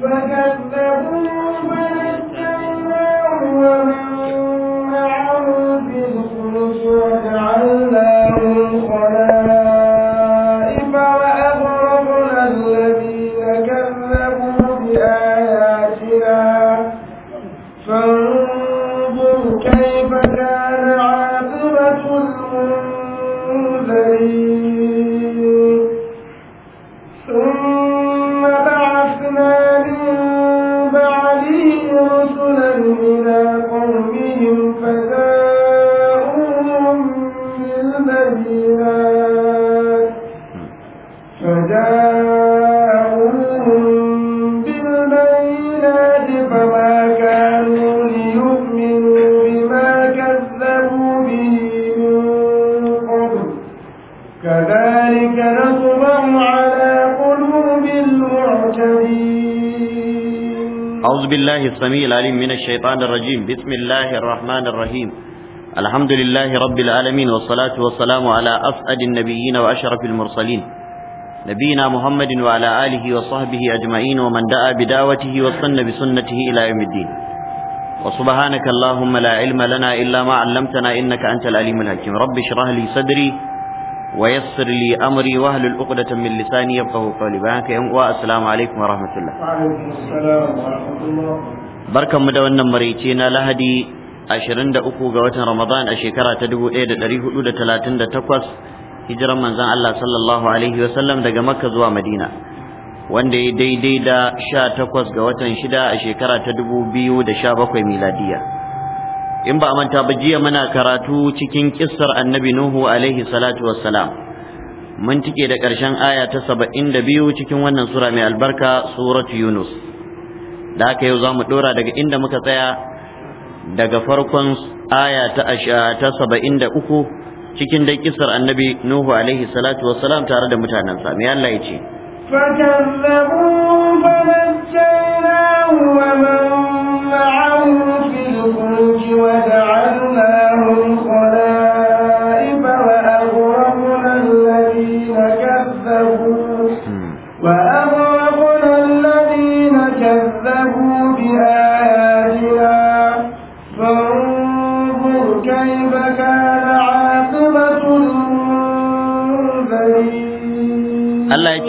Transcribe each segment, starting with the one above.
فكذب السميع العليم من الشيطان الرجيم بسم الله الرحمن الرحيم الحمد لله رب العالمين والصلاة والسلام على أسعد النبيين وأشرف المرسلين نبينا محمد وعلى آله وصحبه أجمعين ومن دعا بدعوته وصن بسنته إلى يوم الدين وسبحانك اللهم لا علم لنا إلا ما علمتنا إنك أنت العليم الحكيم رب اشرح لي صدري ويسر لي امري واهل الأقدة من لساني يبقه قولي بانك يوم السلام عليكم ورحمة الله. وعليكم السلام ورحمة الله. barkanmu da wannan maraice na lahadi 23 ga watan ramadan a shekara ta 1438 hijiran manzan Allah sallallahu alaihi wasallam daga makka zuwa madina wanda ya daidai da 18 ga watan 6 a shekara ta 2017 miladiya in ba a manta ba jiya muna karatu cikin kissar annabi nuhu alaihi salatu wassalam mun tike da ƙarshen aya ta 72 cikin wannan sura mai albarka suratu yunus da haka yau za mu ɗora daga inda muka tsaya daga farkon aya ta saba'in da uku cikin da kisar annabi nuhu alaihi salatu salam tare da mutanensa mai Allah ya ce فكذبوا فنجيناه ومن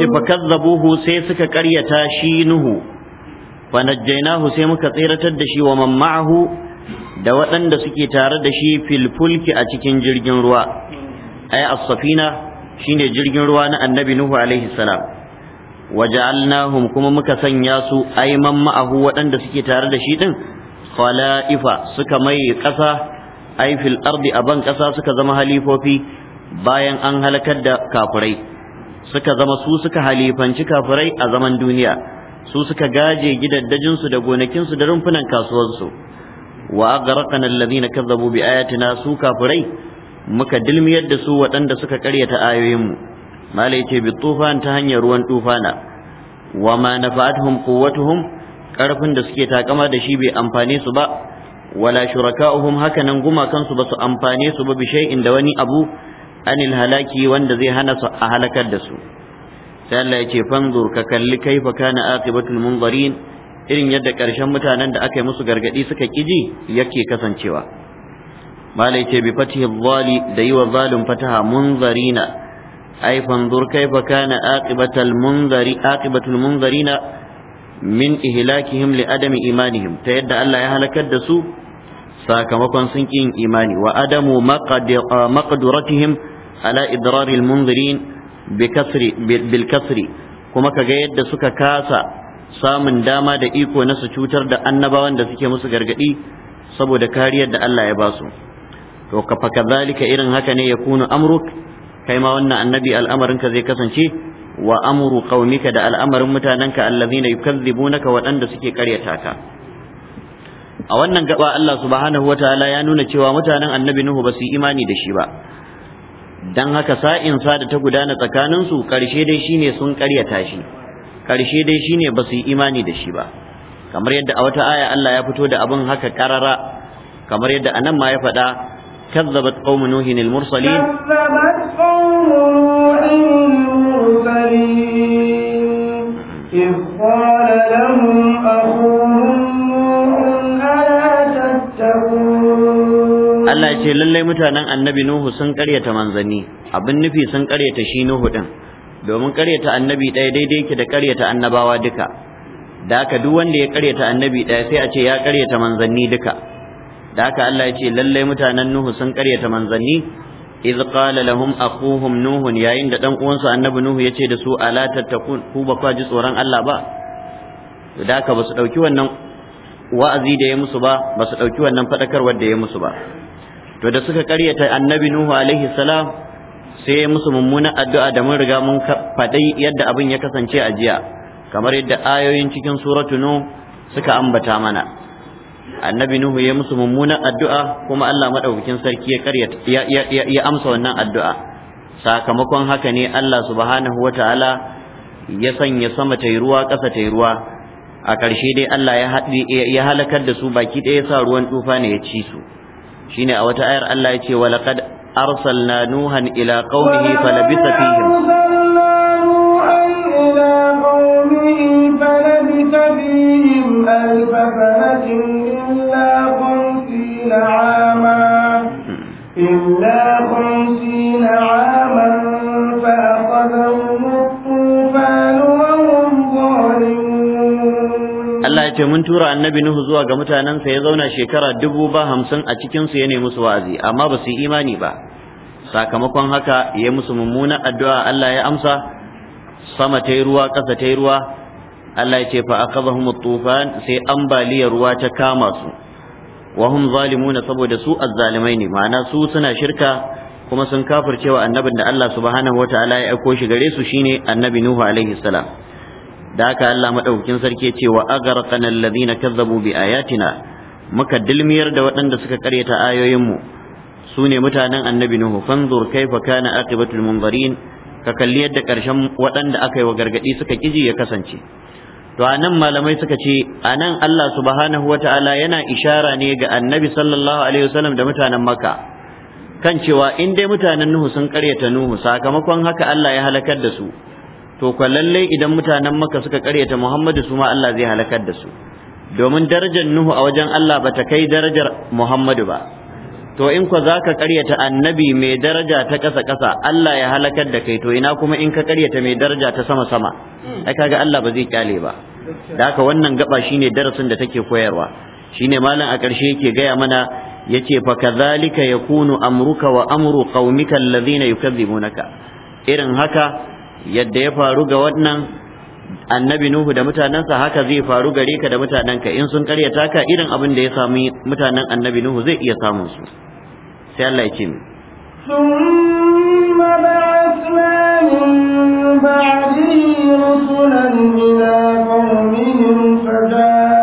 ce fakazzabuhu sai suka karyata shi nuhu fanajjainahu sai muka tsiratar da shi wa man ma'ahu da waɗanda suke tare da shi fil fulki a cikin jirgin ruwa ay as-safina shine jirgin ruwa na annabi nuhu alaihi salam waja'alnahum kuma muka sanya su man ma'ahu waɗanda suke tare da shi din khala'ifa suka mai ƙasa ay fil ardi aban ƙasa suka zama halifofi bayan an halakar da kafirai suka zama su suka halifanci kafirai a zaman duniya su suka gaje gidaddajinsu da gonakinsu da rumfunan kasuwarsu wa aghraqna alladhina kazzabu bi ayatina su kafirai muka dilmiyar da su waɗanda suka karyata ayoyinmu mala yace bi tufan ta hanyar ruwan tufana wa ma nafa'atuhum quwwatuhum karfin da suke takama da shi bai amfane su ba wala shuraka'uhum hakanan gumakansu ba su amfane su ba bi shay'in da wani abu anil halaki wanda zai hana su a halakar da su sai Allah ya ce fanzur ka kalli kaifa kana aqibatul munzarin irin yadda ƙarshen mutanen da aka yi musu gargadi suka kiji yake kasancewa malai ce bi fatihi dhali da yi wa zalim fataha munzarina ai fanzur kaifa kana aqibatul munzari aqibatul munzarina min ihlakihim li adami imanihim ta yadda Allah ya halakar da su sakamakon sun yin imani wa adamu maqduratihim ala idrari almunzirin bilkasri kuma kaga yadda suka kasa samun dama da iko na su cutar da annabawan da suke musu gargadi saboda kariyar da Allah ya basu to ka fa irin haka ne yakunu amruk kai ma wannan annabi al'amarinka zai kasance wa amru qaumika da al'amarin mutanenka allazina yukazzibunaka waɗanda suke karyata ka a wannan gaba Allah subhanahu wataala ya nuna cewa mutanen annabi Nuhu ba su imani da shi ba dan haka sa'insa da ta gudana tsakaninsu ƙarshe dai shine sun ƙaryata tashi, ƙarshe dai shine ba su yi imani da shi ba kamar yadda a wata aya Allah ya fito da abin haka ƙarara kamar yadda anan ma ya faɗa كذبت قوم نوح المرسلين كذبت ce lallai mutanen annabi nuhu sun karyata manzanni abin nufi sun karyata shi nuhu din domin karyata annabi ɗaya daidai yake da karyata annabawa duka da haka duk wanda ya karyata annabi ɗaya sai a ce ya karyata manzanni duka da haka Allah ya ce lallai mutanen nuhu sun karyata manzanni iz qala lahum aquhum nuhun yayin da dan uwansu annabi nuhu yace da su ala tattakun ku ba kwa ji tsoron Allah ba da haka ba su dauki wannan wa'azi da ya musu ba ba su dauki wannan fadakarwar da ya musu ba to da suka karyata annabi nuhu alaihi salam sai musu mummunan addu'a da mun riga mun faɗi yadda abin ya kasance a jiya kamar yadda ayoyin cikin suratu nuh suka ambata mana annabi nuhu ya musu mummunan addu'a kuma Allah madaukakin sarki ya karyata ya amsa wannan addu'a sakamakon haka ne Allah subhanahu wataala ya sanya sama ta ruwa ƙasa ta ruwa a ƙarshe dai Allah ya halakar da su baki ɗaya sa ruwan tufa ne ya ci su shine a wata ayar Allah ya ce wa laqad arsalna nuhan ila qaumihi falabitha fihim hmm. Hmm. إلا خمسين عاما فأخذهم ce mun tura annabi Nuhu zuwa ga mutanensa ya zauna shekara dubu ba hamsin a cikinsu ya nemi su wa'azi amma ba su yi imani ba sakamakon haka ya musu mummunan addu'a Allah ya amsa sama ta yi ruwa ƙasa ta yi ruwa Allah ya ce fa akazahum tufan sai ambaliyar ruwa ta kama su wa hum zalimuna saboda su azzalimai ne ma'ana su suna shirka kuma sun kafircewa annabin da Allah subhanahu wataala ya aiko shi gare su shine annabi Nuhu alaihi salam da aka Allah maɗaukin sarki ce wa agharqana alladhina kazzabu bi ayatina muka dilmiyar da waɗanda suka karyata ayoyin mu sune mutanen annabi nuhu fanzur kaifa kana aqibatul munzarin ka kalli yadda karshen waɗanda aka yi wa gargadi suka kiji ya kasance to anan malamai suka ce anan Allah subhanahu wa yana ishara ne ga annabi sallallahu alaihi wasallam da mutanen Makka. kan cewa in dai mutanen nuhu sun karyata nuhu sakamakon haka Allah ya halakar da su to kwa lallai idan mutanen maka suka karyata muhammadu su ma Allah zai halakar da su domin darajar nuhu a wajen Allah ba ta kai darajar muhammadu ba to in kwa za ka karyata annabi mai daraja ta ƙasa ƙasa Allah ya halakar da kai to ina kuma in ka karyata mai daraja ta sama sama hmm. ai kaga Allah ba zai kyale ba da haka wannan gaba shine darasin da take koyarwa shine malam a ƙarshe yake gaya mana yace fa kadhalika yakunu amruka wa amru qaumika alladhina yukazzibunaka irin haka yadda ya faru ga wannan annabi nuhu da mutanensa haka zai faru gare ka da mutanenka in sun karyata ka irin abin da ya sami mutanen annabi nuhu zai iya samun su sai Allah ya ce mu ثم بعثنا من بعده رسلا إلى قومهم فجاءوا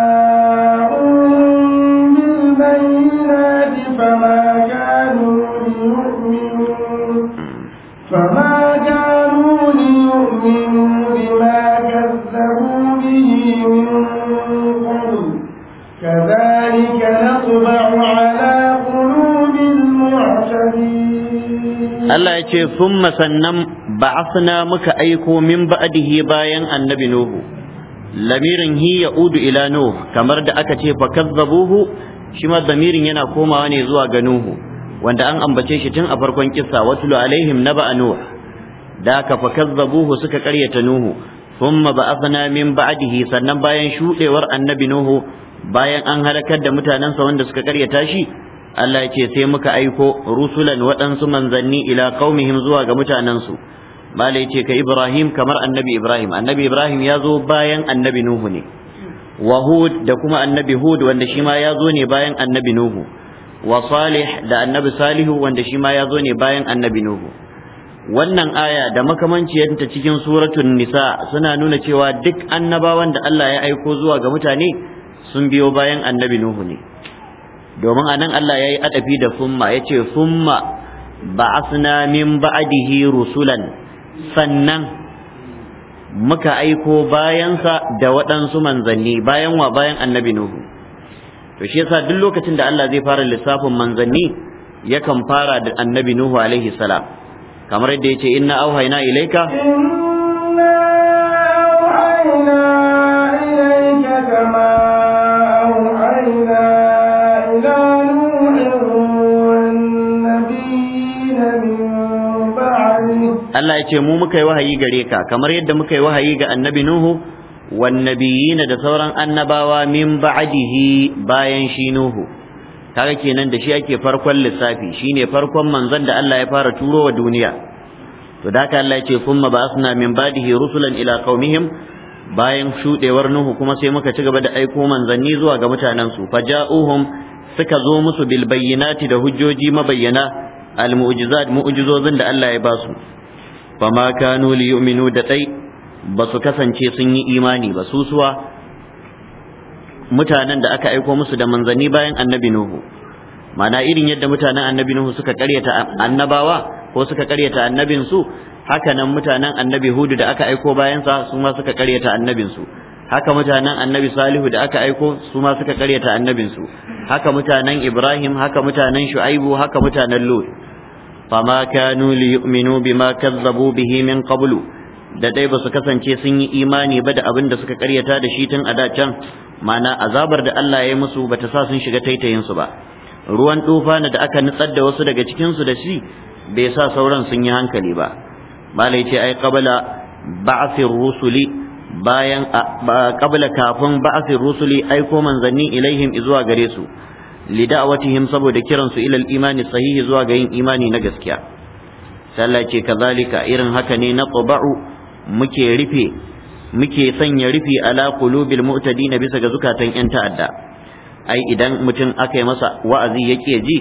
Allah ya ce summa sannan ba'athna muka aiko min ba'dihi bayan annabi nuhu lamirin hi udu ila nuh kamar da aka ce fakazzabuhu shi ma zamirin yana komawa ne zuwa ga nuhu wanda an ambace shi tun a farkon kissa watlu alaihim na nuh da aka fakazzabuhu suka karyata nuhu thumma ba'athna min ba'dihi sannan bayan shuɗewar annabi nuhu bayan an halakar da mutanansa wanda suka karyata shi Allah ya ce sai muka aiko rusulan waɗansu manzanni ila qaumihim zuwa ga mutanensu malai ce ka Ibrahim kamar annabi Ibrahim annabi Ibrahim ya zo bayan annabi Nuhu ne wa Hud da kuma annabi Hud wanda shi ma ya zo ne bayan annabi Nuhu wa Salih da annabi Salihu wanda shi ma ya zo ne bayan annabi Nuhu wannan aya da makamanciyarta cikin suratun nisa suna nuna cewa duk annabawan da Allah ya aiko zuwa ga mutane sun biyo bayan annabi Nuhu ne domin a nan Allah ya yi adabi da summa ya ce summa suna min ba'dihi rusulan sannan muka aiko bayansa da waɗansu manzanni bayan wa bayan annabi nuhu to shi yasa duk lokacin da Allah zai fara lissafin manzanni yakan fara da annabi nuhu alaihi salam kamar yadda ya ce inna auhayna ilaika inna auhayna ilaika kama Allah ya ce mu muka yi wahayi gare ka kamar yadda muka yi wahayi ga annabi Nuhu wan nabiyina da sauran annabawa min ba'dihi bayan shi Nuhu kaga kenan da shi ake farkon lissafi shine farkon manzon da Allah ya fara turo wa duniya to da haka Allah ya ce kuma ba'athna min ba'dihi rusulan ila qaumihim bayan shudewar Nuhu kuma sai muka ci gaba da aiko manzanni zuwa ga mutanen su faja'uhum suka zo musu bil bayyinati da hujjoji mabayyana al mu'jizat mu'jizozin da Allah ya basu fama kanu li yu'minu da dai ba su kasance sun yi imani ba su suwa mutanen da aka aiko musu da manzani bayan annabi nuhu mana irin yadda mutanen annabi nuhu suka karyata annabawa ko suka karyata annabin su haka nan mutanen annabi hudu da aka aiko bayan sa su ma suka karyata annabin su haka mutanen annabi salihu da aka aiko su ma suka karyata annabin su haka mutanen ibrahim haka mutanen shu'aibu haka mutanen lut فما كانوا ليؤمنوا بما كذبوا به من قبل da dai ba su kasance sun yi imani ba da abin da suka karyata da shi tun a da can mana azabar da Allah ya yi musu bata sa sun shiga taitayin su ba ruwan tufana da aka nutsar da wasu daga cikin su da shi bai sa sauran sun yi hankali ba malai ce ai qabla ba'thir rusuli bayan qabla kafin ba'thir rusuli aiko manzanni ilaihim zuwa gare su lida'awatihim saboda kiransu ilal imani sahihi zuwa ga yin imani na gaskiya sallah ce kazalika irin haka ne na taba'u muke rufe muke sanya rufe ala qulubil bisa ga zukatan yan ta'adda ai idan mutum aka yi masa wa'azi yake ji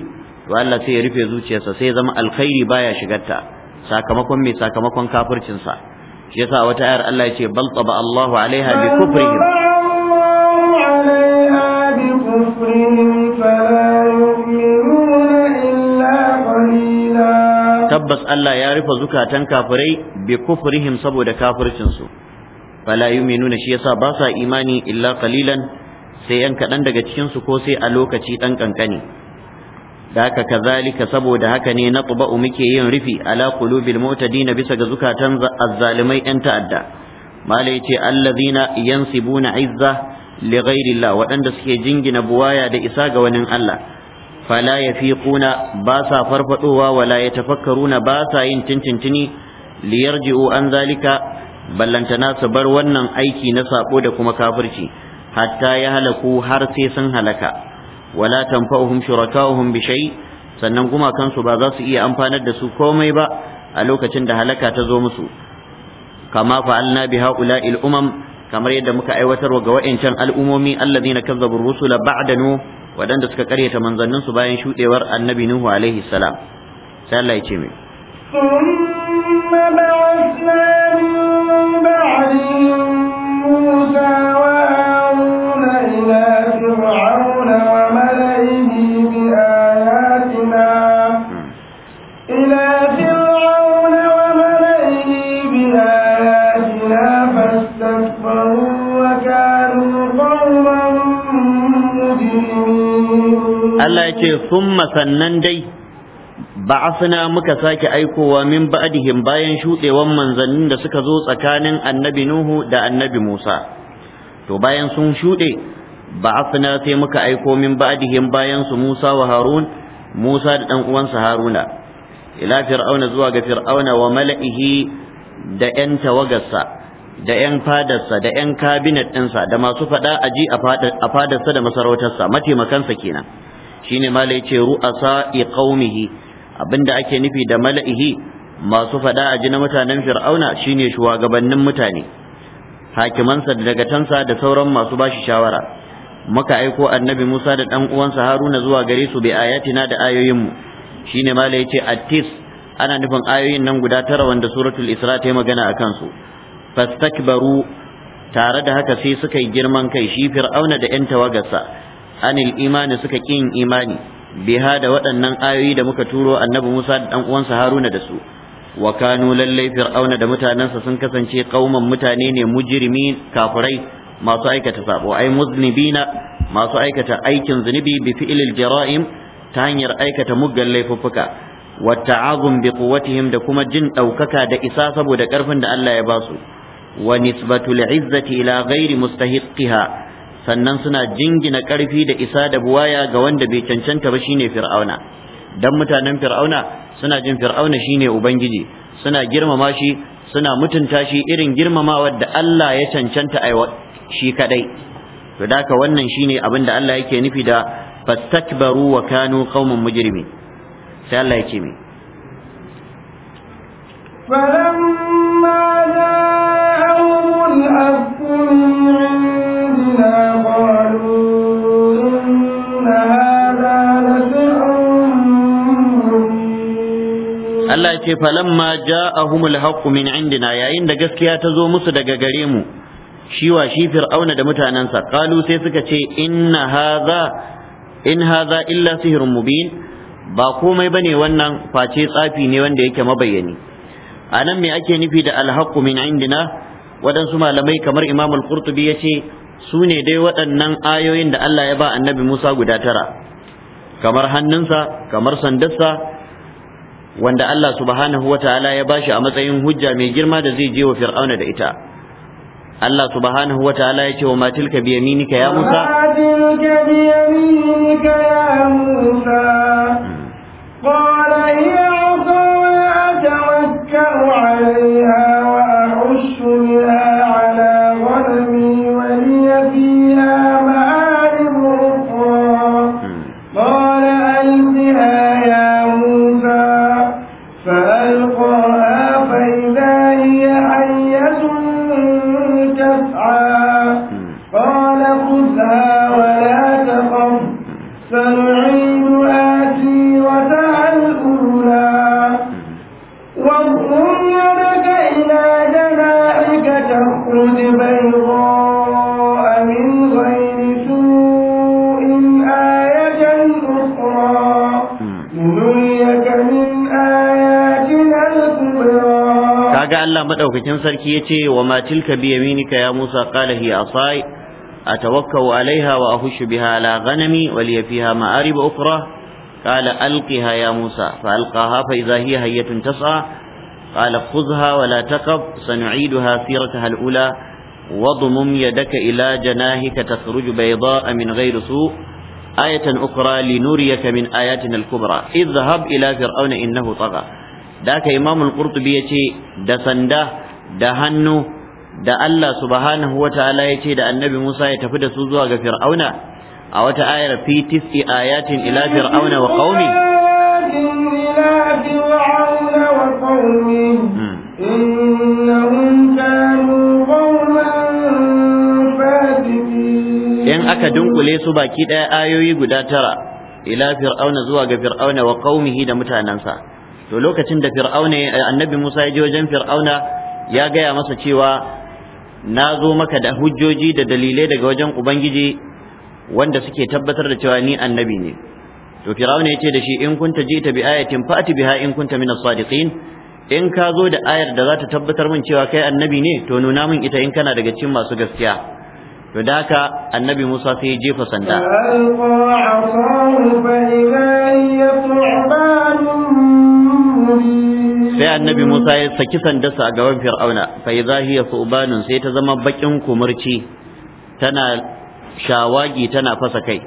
to Allah sai ya rufe zuciyarsa sai zama alkhairi baya shigarta sakamakon mai sakamakon kafircinsa shi yasa wata 'yar Allah ya ce bal taba Allahu alaiha bi kufrihim tabbas Allah ya rufe zukatan kafirai bi kufrihim saboda kafircin su fala yu'minuna shi yasa ba sa imani illa qalilan sai yan kadan daga cikin su ko sai a lokaci dan kankani da haka kazalika saboda haka ne na quba muke yin rufi ala qulubil mu'tadin bisa ga zukatan azzalimai yan ta'adda Malam yace allazina yansibuna izza li ghairillah waɗanda suke jingina buwaya da isa ga wani Allah fala yafiquna ba sa farfadowa wala yatafakkaruna ba sa yin tintintini li yarji'u an zalika ballantana su bar wannan aiki na sako da kuma kafirci hatta ya halaku har sai sun halaka wala tanfa'uhum shuraka'uhum bi shay sannan kuma kansu ba za su iya amfanar da su komai ba a lokacin da halaka ta zo musu kama fa'alna bi ha'ula'il umam kamar yadda muka aiwatar ga wa'ancan al'umomi allazina kazzabu rusula ba'da nu wadanda suka karyata manzannin su bayan shudewar annabi nuhu alaihi salam sai Allah ya ce mai ثم بعثنا من بعدهم musa. ce summa sannan dai ba'athna muka sake aikowa min ba'dihim bayan shudewan manzannin da suka zo tsakanin annabi Nuhu da annabi Musa to bayan sun shude ba'athna sai muka aiko min ba'dihim bayan su Musa wa Harun Musa da dan uwansa Haruna ila fir'auna zuwa ga fir'auna wa mala'ihi da yan tawagarsa da yan fadarsa da yan kabinet ɗinsa da masu fada aji a fadarsa da masarautarsa mataimakansa kenan shine mala yace ru'asa qaumihi abinda ake nufi da mala'ihi masu fada a ji na mutanen fir'auna shine shugabannin mutane hakimansa da dagatansa da sauran masu bashi shawara muka aiko annabi Musa da dan uwansa Haruna zuwa gare su bi ayatina da ayoyinmu shine mala yace atis ana nufin ayoyin nan guda tara wanda suratul isra ta yi magana akan su fastakbaru tare da haka sai suka yi girman kai shi fir'auna da 'yan tawagarsa anil imani suka kin imani biha da waɗannan ayoyi da muka turo annabi Musa da ɗan uwansa Haruna da su wa kanu lallai fir'auna da mutanensa sun kasance kauman mutane ne mujrimi kafirai masu aikata sabo ai muznibina masu aikata aikin zunubi bi fi'lil jara'im ta hanyar aikata muggan laifuffuka wa ta'azum bi quwwatihim da kuma jin daukaka da isa saboda karfin da Allah ya basu wa nisbatul izzati ila ghairi mustahiqiha sannan suna jingina ƙarfi da isa da buwaya ga wanda bai cancanta ba shine fir'auna dan mutanen fir'auna suna jin fir'auna shine ubangiji suna girmama shi suna mutunta shi irin girmamawar da Allah ya cancanta a shi kadai to daka wannan shine abin da Allah yake nufi da fastakbaru wa kanu qauman mujrimin sai Allah yake mi فلما جاءهم Allah ce falamma ja'ahumul haqqu min indina yayin da gaskiya ta zo musu daga gare mu shi wa shi fir'auna da mutanensa qalu sai suka ce inna hadha in hadha illa sihrun mubin ba komai bane wannan face tsafi ne wanda yake mabayyani anan me ake nufi da alhaqqu min indina waɗansu malamai kamar imam al-qurtubi ya ce su ne dai waɗannan ayoyin da Allah ya ba annabi Musa guda tara kamar hannunsa kamar sandarsa wanda Allah subhanahu ta'ala ya bashi a matsayin hujja mai girma da zai je wa fir'auna da ita Allah subhanahu wa ta'ala ya ce wa matilka bi yaminika ya Musa matilka bi yaminika ya Musa hmm. qala jikin sarki ya ce wa matil ka biya minika musa kala hi a a tawakka wa alaiha wa ahushu biha ala ganami wal ya fiha ma'ari ba ukura kala alkiha ya musa fa alka hafa iza hi hayyatun tasa kala kuzha wala la taqab sanu'idu ha sirata hal'ula wa ya daka ila janahika tasruju a min ghairu su ayatan ukura linuriyaka min ayatin al-kubra idhhab ila fir'auna innahu taga da ka imamul qurtubi ya ce da sanda da hannu da Allah subhanahu ta'ala ya ce da annabi Musa ya tafi da su zuwa ga Fir'auna a wata ayar fi tis'i ayatin ila fir'auna wa qaumi hmm. in aka dunkule su baki ɗaya ayoyi guda tara ila fir'auna zuwa ga fir'auna wa qaumihi da mutanansa to lokacin da fir'auna annabi Musa ya je wajen fir'auna ya gaya masa cewa na zo maka da hujjoji da dalilai daga wajen ubangiji wanda suke tabbatar da cewa ni annabi ne to firawuna yace da shi in kunta ta bi ayatin fa'ati biha in kunta min as-sadiqin in ka zo da ayar da za ta tabbatar min cewa kai annabi ne to nuna min ita in kana daga cikin masu gaskiya to da haka annabi Musa sai ya jefa sanda fa sai annabi Musa ya saki sandarsa a gaban Fir'auna fa idza hiya subanun sai ta zama bakin kumurci tana shawagi tana fasa kai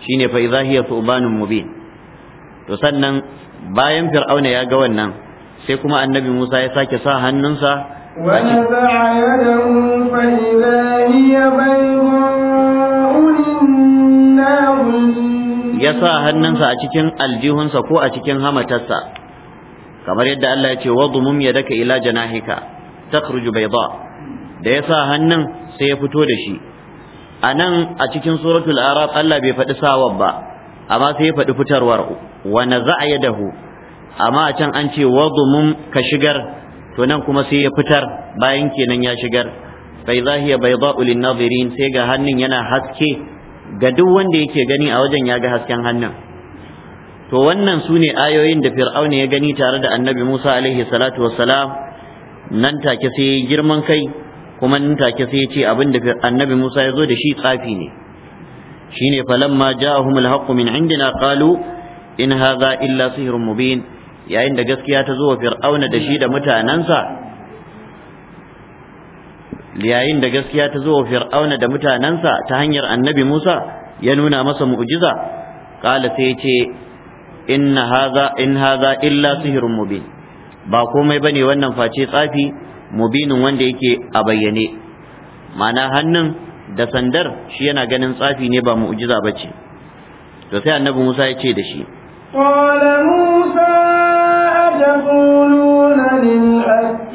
shine fa idza hiya subanun mubin to sannan bayan Fir'auna ya ga wannan sai kuma annabi Musa ya sake sa hannunsa fa ya sa hannunsa a cikin aljihunsa ko a cikin hamatarsa kamar yadda Allah ya ce ya daka ila janahika takhruju bayda da yasa hannun sai ya fito da shi nan, a cikin suratul araf Allah bai faɗi sawar ba amma sai ya faɗi fitarwar wa naza'a yadahu amma a can an ce wadmum ka shigar to nan kuma sai ya fitar bayan kenan ya shigar bai zahiya hiya bayda'u sai ga hannun yana haske ga duk wanda yake gani a wajen ya ga hasken hannun to wannan su ne ayoyin da fir'auna ya gani tare da annabi musa alaihi salatu wassalam nan take sai ya yi girman kai kuma nan take sai ya ce abin da annabi musa ya zo da shi tsafi ne shine falamma ja'ahum alhaqqu min indina qalu in hadha illa sihrun mubin yayin da gaskiya ta zo wa fir'auna da shi da mutanansa yayin da gaskiya ta zo wa fir'auna da mutanansa ta hanyar annabi musa ya nuna masa mu'jiza qala sai ya ce inna in haza illa sihirun mubin ba komai bane wannan face tsafi mubinin wanda yake a bayyane mana hannun da sandar shi yana ganin tsafi ne ba mu'jiza bace to sai annabi Musa ya ce da shi qala Musa أتقولون للحق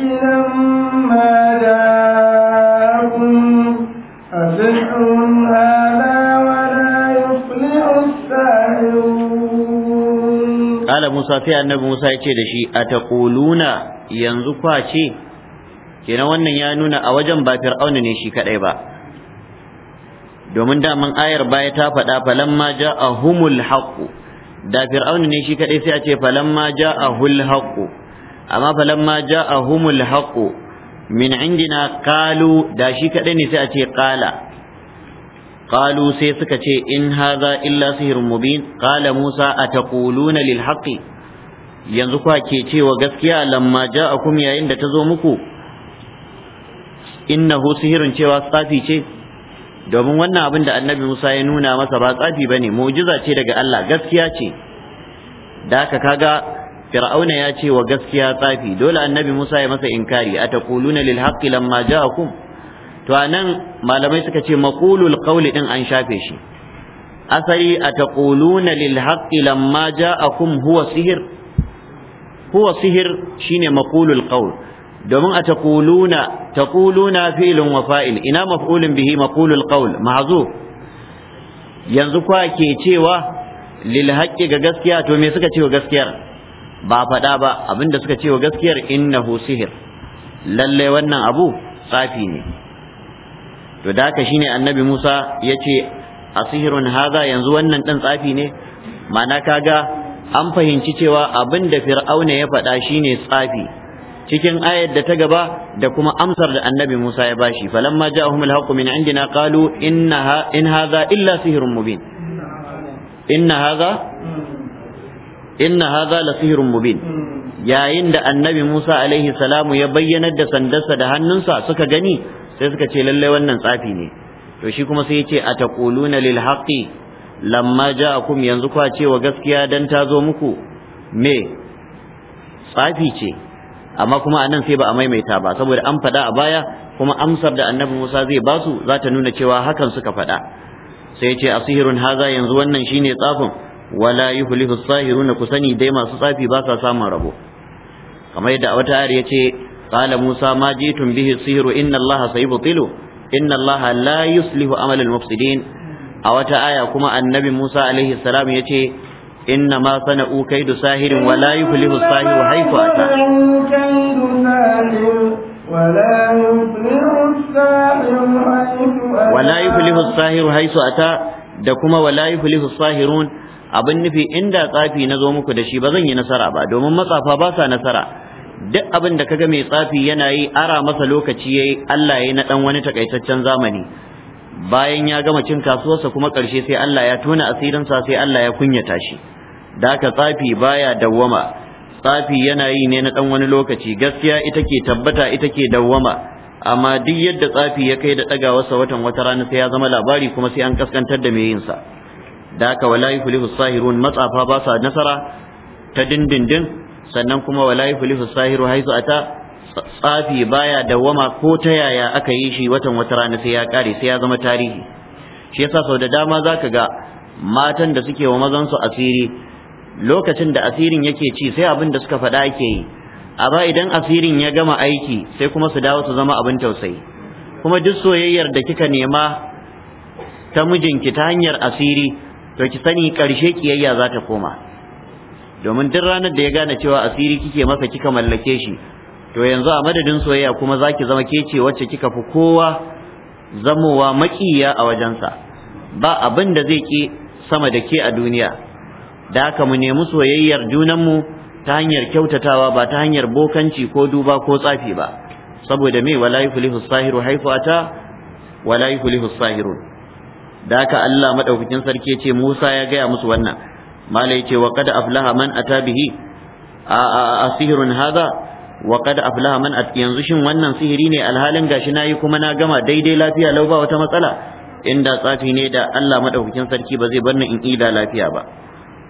Musa sai annabi Musa ya ce da shi a taquluna yanzu kwa ce kenan wannan ya nuna a wajen ba fir'auna ne shi kadai ba domin daman ayar baya ta faɗa falamma humul haqqu da fir'auna ne shi kadai sai a ce falamma hul haqqu amma falamma humul haqqu min indina qalu da shi kadai ne sai a ce qala qalu sai suka ce in haza illa sihrun mubin qala musa ataquluna lil yanzu kwa ke cewa gaskiya lamma ja'akum yayin da ta zo muku innahu sihirun cewa tsafi ce domin wannan abin da annabi Musa ya nuna masa ba tsafi bane mu'jiza ce daga Allah gaskiya ce da haka kaga fir'auna ya ce wa gaskiya tsafi dole annabi Musa ya masa inkari ataquluna lil haqqi lamma ja'akum to anan malamai suka ce maqulul qawli din an shafe shi asali ataquluna lil haqqi lamma ja'akum huwa sihir huwa sihir shine maqulul qaul domin a taquluna taquluna wa fa'il ina maf'ulun bihi maqulul qaul mahazo. yanzu kwa ke cewa lil ga gaskiya to me suka ce gaskiyar ba faɗa ba abinda suka cewa wa gaskiyar innahu sihir Lallai wannan abu tsafi ne to da haka shine annabi Musa ya ce a asihirun haza yanzu wannan dan tsafi ne ma'ana ga. an fahimci cewa abin da fir'auna ya faɗa shine tsafi cikin ayar da ta gaba da kuma amsar da annabi Musa ya bashi falamma ja'ahum al min indina qalu inna in hadha illa sihrun mubin inna hadha inna hadha la sihrun mubin yayin da annabi Musa alaihi salamu ya bayyanar da sandarsa da hannunsa suka gani sai suka ce lallai wannan tsafi ne to shi kuma sai ya ce ataquluna lil haqqi lamma ja kum yanzu kwa cewa gaskiya dan ta zo muku me tsafi ce amma kuma anan sai ba a maimaita ba saboda an faɗa a baya kuma amsar da annabi Musa zai basu za ta nuna cewa hakan suka faɗa sai ya a asihirun haza yanzu wannan shine tsafin wala yuhlihu sahiruna ku sani dai masu tsafi ba sa samun rabo kamar yadda wata ayar yace qala Musa ma jitum bihi sihiru inna Allah sayubtilu inna Allah la yuslihu amal mufsidin a wata aya kuma annabi Musa alaihi salam ya ce inna ma sana'u kaidu sahirin wa la yuflihu sahiru haifu ata wa la yuflihu sahiru haifu ata da kuma wa la yuflihu sahirun abin nufi inda tsafi na zo muku da shi ba zan yi nasara ba domin matsafa ba sa nasara duk abin da kaga mai tsafi yana yi ara masa lokaci yayi Allah ya na dan wani takaitaccen zamani bayan ya gama cin kasuwarsa kuma ƙarshe sai Allah ya tona asirinsa sai Allah ya kunyata shi Daka tsafi baya dawwama tsafi yana yi ne na ɗan wani lokaci gaskiya ita ke tabbata ita ke dawwama amma duk yadda tsafi ya kai da ɗagawarsa watan wata rana sai ya zama labari kuma sai an kaskantar da mai yinsa da haka wala yuhlihu sahirun matsafa ba sa nasara ta dindindin sannan kuma wala yuhlihu sahiru haizu ata tsafi baya dawwama ko ta yaya aka yi shi watan wata rana sai ya kare sai ya zama tarihi shi yasa sau da dama zaka ga matan da suke wa mazan su asiri lokacin da asirin yake ci sai abin da suka faɗa ake yi amma idan asirin ya gama aiki sai kuma su dawo su zama abin tausayi kuma duk soyayyar da kika nema ta mijinki ta hanyar asiri to ki sani ƙarshe kiyayya za ta koma domin duk ranar da ya gane cewa asiri kike masa kika mallake shi to yanzu a madadin soyayya kuma zaki zama ke ce wacce kika fi kowa zamowa makiya a wajensa ba abin da zai ki sama da ke a duniya da haka mu nemi soyayyar junanmu ta hanyar kyautatawa ba ta hanyar bokanci ko duba ko tsafi ba saboda me wala yuflihu sahiru haifu ata wala yuflihu Sahiru. da haka Allah madaukakin sarki ce Musa ya gaya musu wannan malai ce wa qad aflaha man ata bihi a a sihirun hadha wa qad aflaha man yanzu shin wannan sihiri ne alhalin gashi nayi kuma na gama daidai lafiya lau ba wata matsala inda tsafi ne da Allah madaukakin sarki ba zai bar ni in ila lafiya ba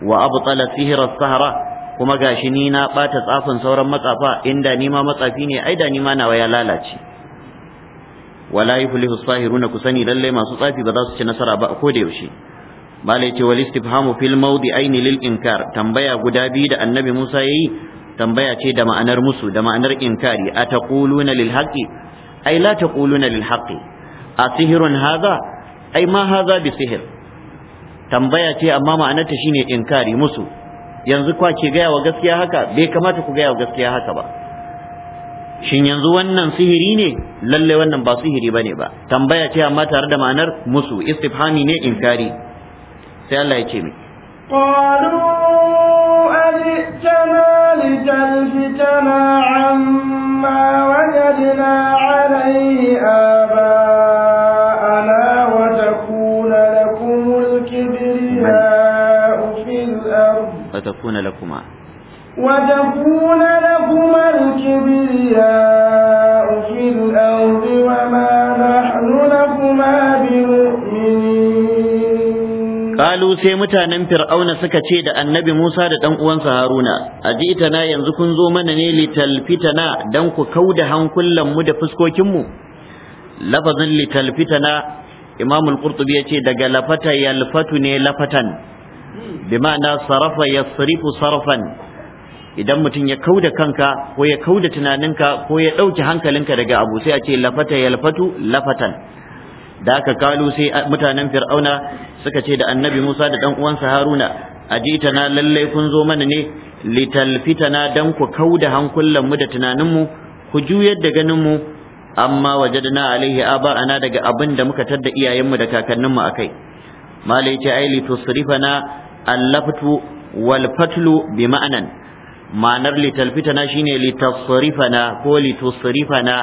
wa abtala sihra sahara kuma gashi ni na bata tsafin sauran matsafa inda ni matsafi ne ai da ni nawa ya lalace wala yuflihu sahiruna kusani lalle masu tsafi ba za su ci nasara ba ko da yaushe malai ce wal istifhamu fil mawdi aini inkar tambaya guda biyu da annabi Musa ya yi? tambaya ce da ma'anar musu da ma'anar inkari a taquluna lil haqi? ai la taquluna lil haqi? a sihirun haza? ai ma hadha bi sihir tambaya ce amma ma'anarta shine inkari musu yanzu kwa ke gaya wa gaskiya haka bai kamata ku gaya wa gaskiya haka ba shin yanzu wannan sihiri ne lalle wannan ba sihiri bane ba tambaya ce amma tare da ma'anar musu istifhami ne inkari sai Allah ya ce mi جئتنا لتلفتنا عما وجدنا عليه آباءنا وتكون لكم الكبرياء في الأرض وتكون لكما وتكون لكما الكبرياء في الأرض وما sai mutanen fir'auna suka ce da annabi Musa da dan uwansa Haruna na yanzu kun zo mana ne litalfitana dan ku kauda hankulan mu da fuskokinmu? mu lafazin litalfitana Imam al-Qurtubi ya ce, daga lafata yalfatu ne lafatan ma'ana sarafa yasrifu sarfan idan mutum ya kauda kanka ko ya kauda tunaninka ko ya dauki hankalinka daga abu sai a ce lafata yalfatu lafatan da aka kalu sai mutanen fir'auna suka ce da annabi musa da dan uwansa haruna na, lallai kun zo mana ne litalfitana dan ku kauda da hankulanmu da tunanin mu ku juyar da ganin mu amma wajadna alaihi aba ana daga abin da muka tadda iyayen mu da kakanninmu a kai. malai ce ai litusrifana allaftu wal bi ma'anar litalfitana shine litasrifana ko litusrifana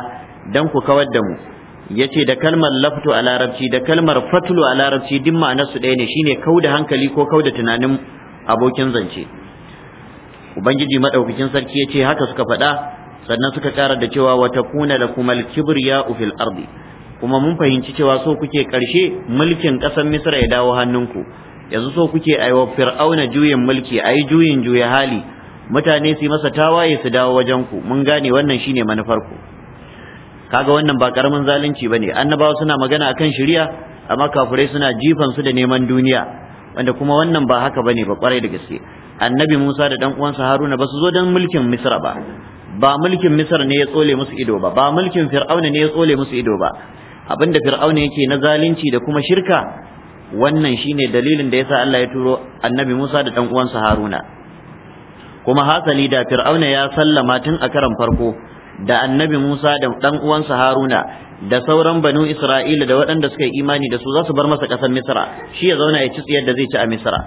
dan ku kawar da mu yace da kalmar laftu a larabci da kalmar fatlu a larabci duk ma'anar su ɗaya ne shine kauda hankali ko kauda tunanin abokin zance ubangiji madaukakin sarki yace haka suka faɗa sannan suka ƙara da cewa wa takuna lakumal kibriya fil ardi kuma mun fahimci cewa so kuke ƙarshe mulkin ƙasar misra ya dawo hannunku yanzu so kuke aiwa fir'auna juyin mulki ayi juyin juya hali mutane su yi masa tawaye su dawo wajenku? mun gane wannan shine manufar ku kaga wannan ba karamin zalunci bane annabawa suna magana akan shari'a amma kafirai suna jifan su da neman duniya wanda kuma wannan ba haka bane ba kwarai da gaske annabi Musa da dan uwansa Haruna ba su zo dan mulkin Misra ba ba mulkin Misr ne ya tsole musu ido ba ba mulkin Fir'auna ne ya tsole musu ido ba abinda Fir'auna yake na zalunci da kuma shirka wannan shine dalilin da yasa Allah ya turo annabi Musa da dan uwansa Haruna kuma hasali da Fir'auna ya sallama tun a karan farko da annabi Musa da dan uwansa Haruna da sauran banu Isra'ila da waɗanda suka yi imani da su za su bar masa ƙasar Misra shi ya zauna ya ci tsiyar da zai ci a Misra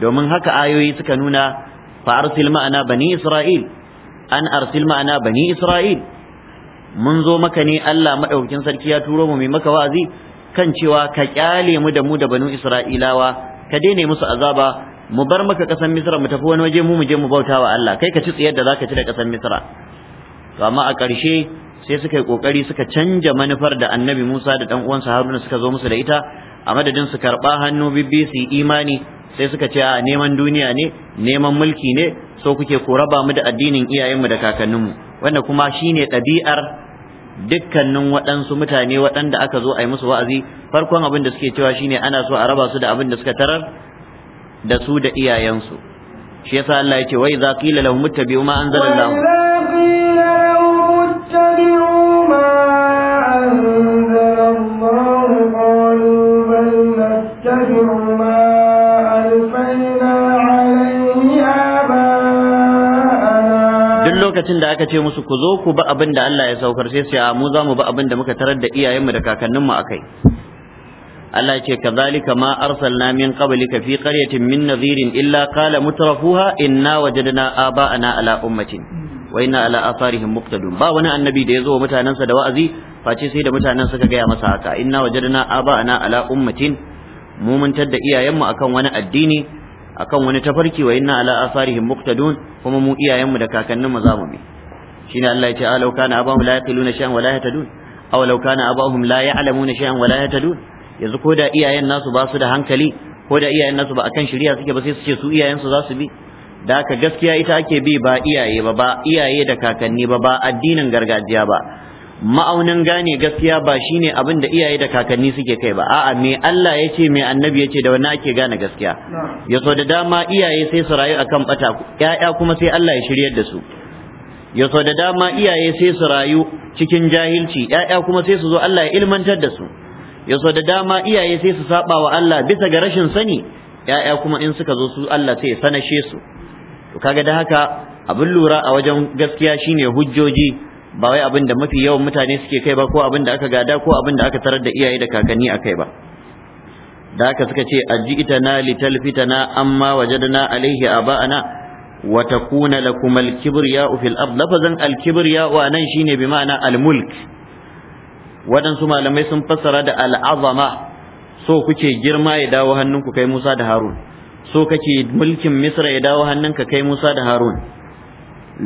domin haka ayoyi suka nuna fa arsil ma'ana bani Isra'il an arsil ma'ana bani Isra'il mun zo maka ne Allah madaukakin sarki ya turo mu mai maka wa'azi kan cewa ka kyale mu da mu da banu Isra'ilawa ka daina musu azaba mu bar maka kasan misra mu tafi wani waje mu mu je mu bauta wa Allah kai ka ci tsiyar da zaka ci da kasan misra to amma a ƙarshe sai suka yi kokari suka canja manufar da annabi Musa da dan uwansa Haruna suka zo musu da ita a madadin su karba hannu bibbi su imani sai suka ce a neman duniya ne neman mulki ne so kuke ko raba mu da addinin iyayenmu da kakanninmu wanda kuma shine ɗabi'ar dukkanin waɗansu mutane waɗanda aka zo a yi musu wa'azi farkon abin da suke cewa shine ana so a raba su da abin da suka tarar da su da iyayensu shi yasa Allah ya ce wai idza qila lahum muttabi'u ma anzala Allah lokacin da aka ce musu ku zo ku ba abin da Allah ya saukar sai sai mu za mu ba abin da muka tarar da iyayenmu da kakanninmu akai Allah ce kazalika ma arsalna min qablika fi qaryatin min nadhirin illa qala mutrafuha inna wajadna aba'ana ala ummatin wa inna ala atharihim muqtadun ba wani annabi da yazo mutanansa da wa'azi face sai da mutanen suka gaya masa haka inna wajadna aba'ana ala ummatin mu muntar da iyayenmu akan wani addini akan wani tafarki wa inna ala atharihim muqtadun kuma mu iyayenmu da kakanninmu zamu bi shine Allah ya ce alau kana abahum la yaqiluna shay'an wa la yahtadun aw law kana abahum la ya'lamuna shay'an wa la yahtadun yanzu ko da iyayen nasu ba su da hankali ko da iyayen nasu ba akan shari'a suke ba sai su ce su iyayen su za su bi da haka gaskiya ita ake bi ba iyaye ba ba iyaye da kakanni ba ba addinin gargajiya ba ma'aunin gane gaskiya ba shine abin da iyaye da kakanni suke kai ba a'a me Allah ya ce me annabi ya ce da wannan ake gane gaskiya ya so da dama iyaye sai su rayu akan bata 'ya'ya kuma sai Allah ya shiryar da su ya so da dama iyaye sai su rayu cikin jahilci 'ya'ya kuma sai su zo Allah ya ilmantar da su so da dama iyaye sai su saba wa Allah bisa ga rashin sani ya'ya kuma in suka zo su Allah sai ya sanashe su to kaga da haka abin lura a wajen gaskiya shine hujjoji ba wai abin da mafi yawan mutane suke kai ba ko abin da aka gada ko abin da aka tarar da iyaye da kakanni a kai ba da haka suka ce ajitana litalfitana amma wajadna alaihi aba'ana wa takuna lakumul kibriya fil ard lafazan al wa nan shine bi ma'ana al-mulk waɗansu malamai sun fassara da al'azama so kuke girma ya dawo hannunku kai Musa da Harun so kake mulkin Misra ya dawo hannunka kai Musa da Harun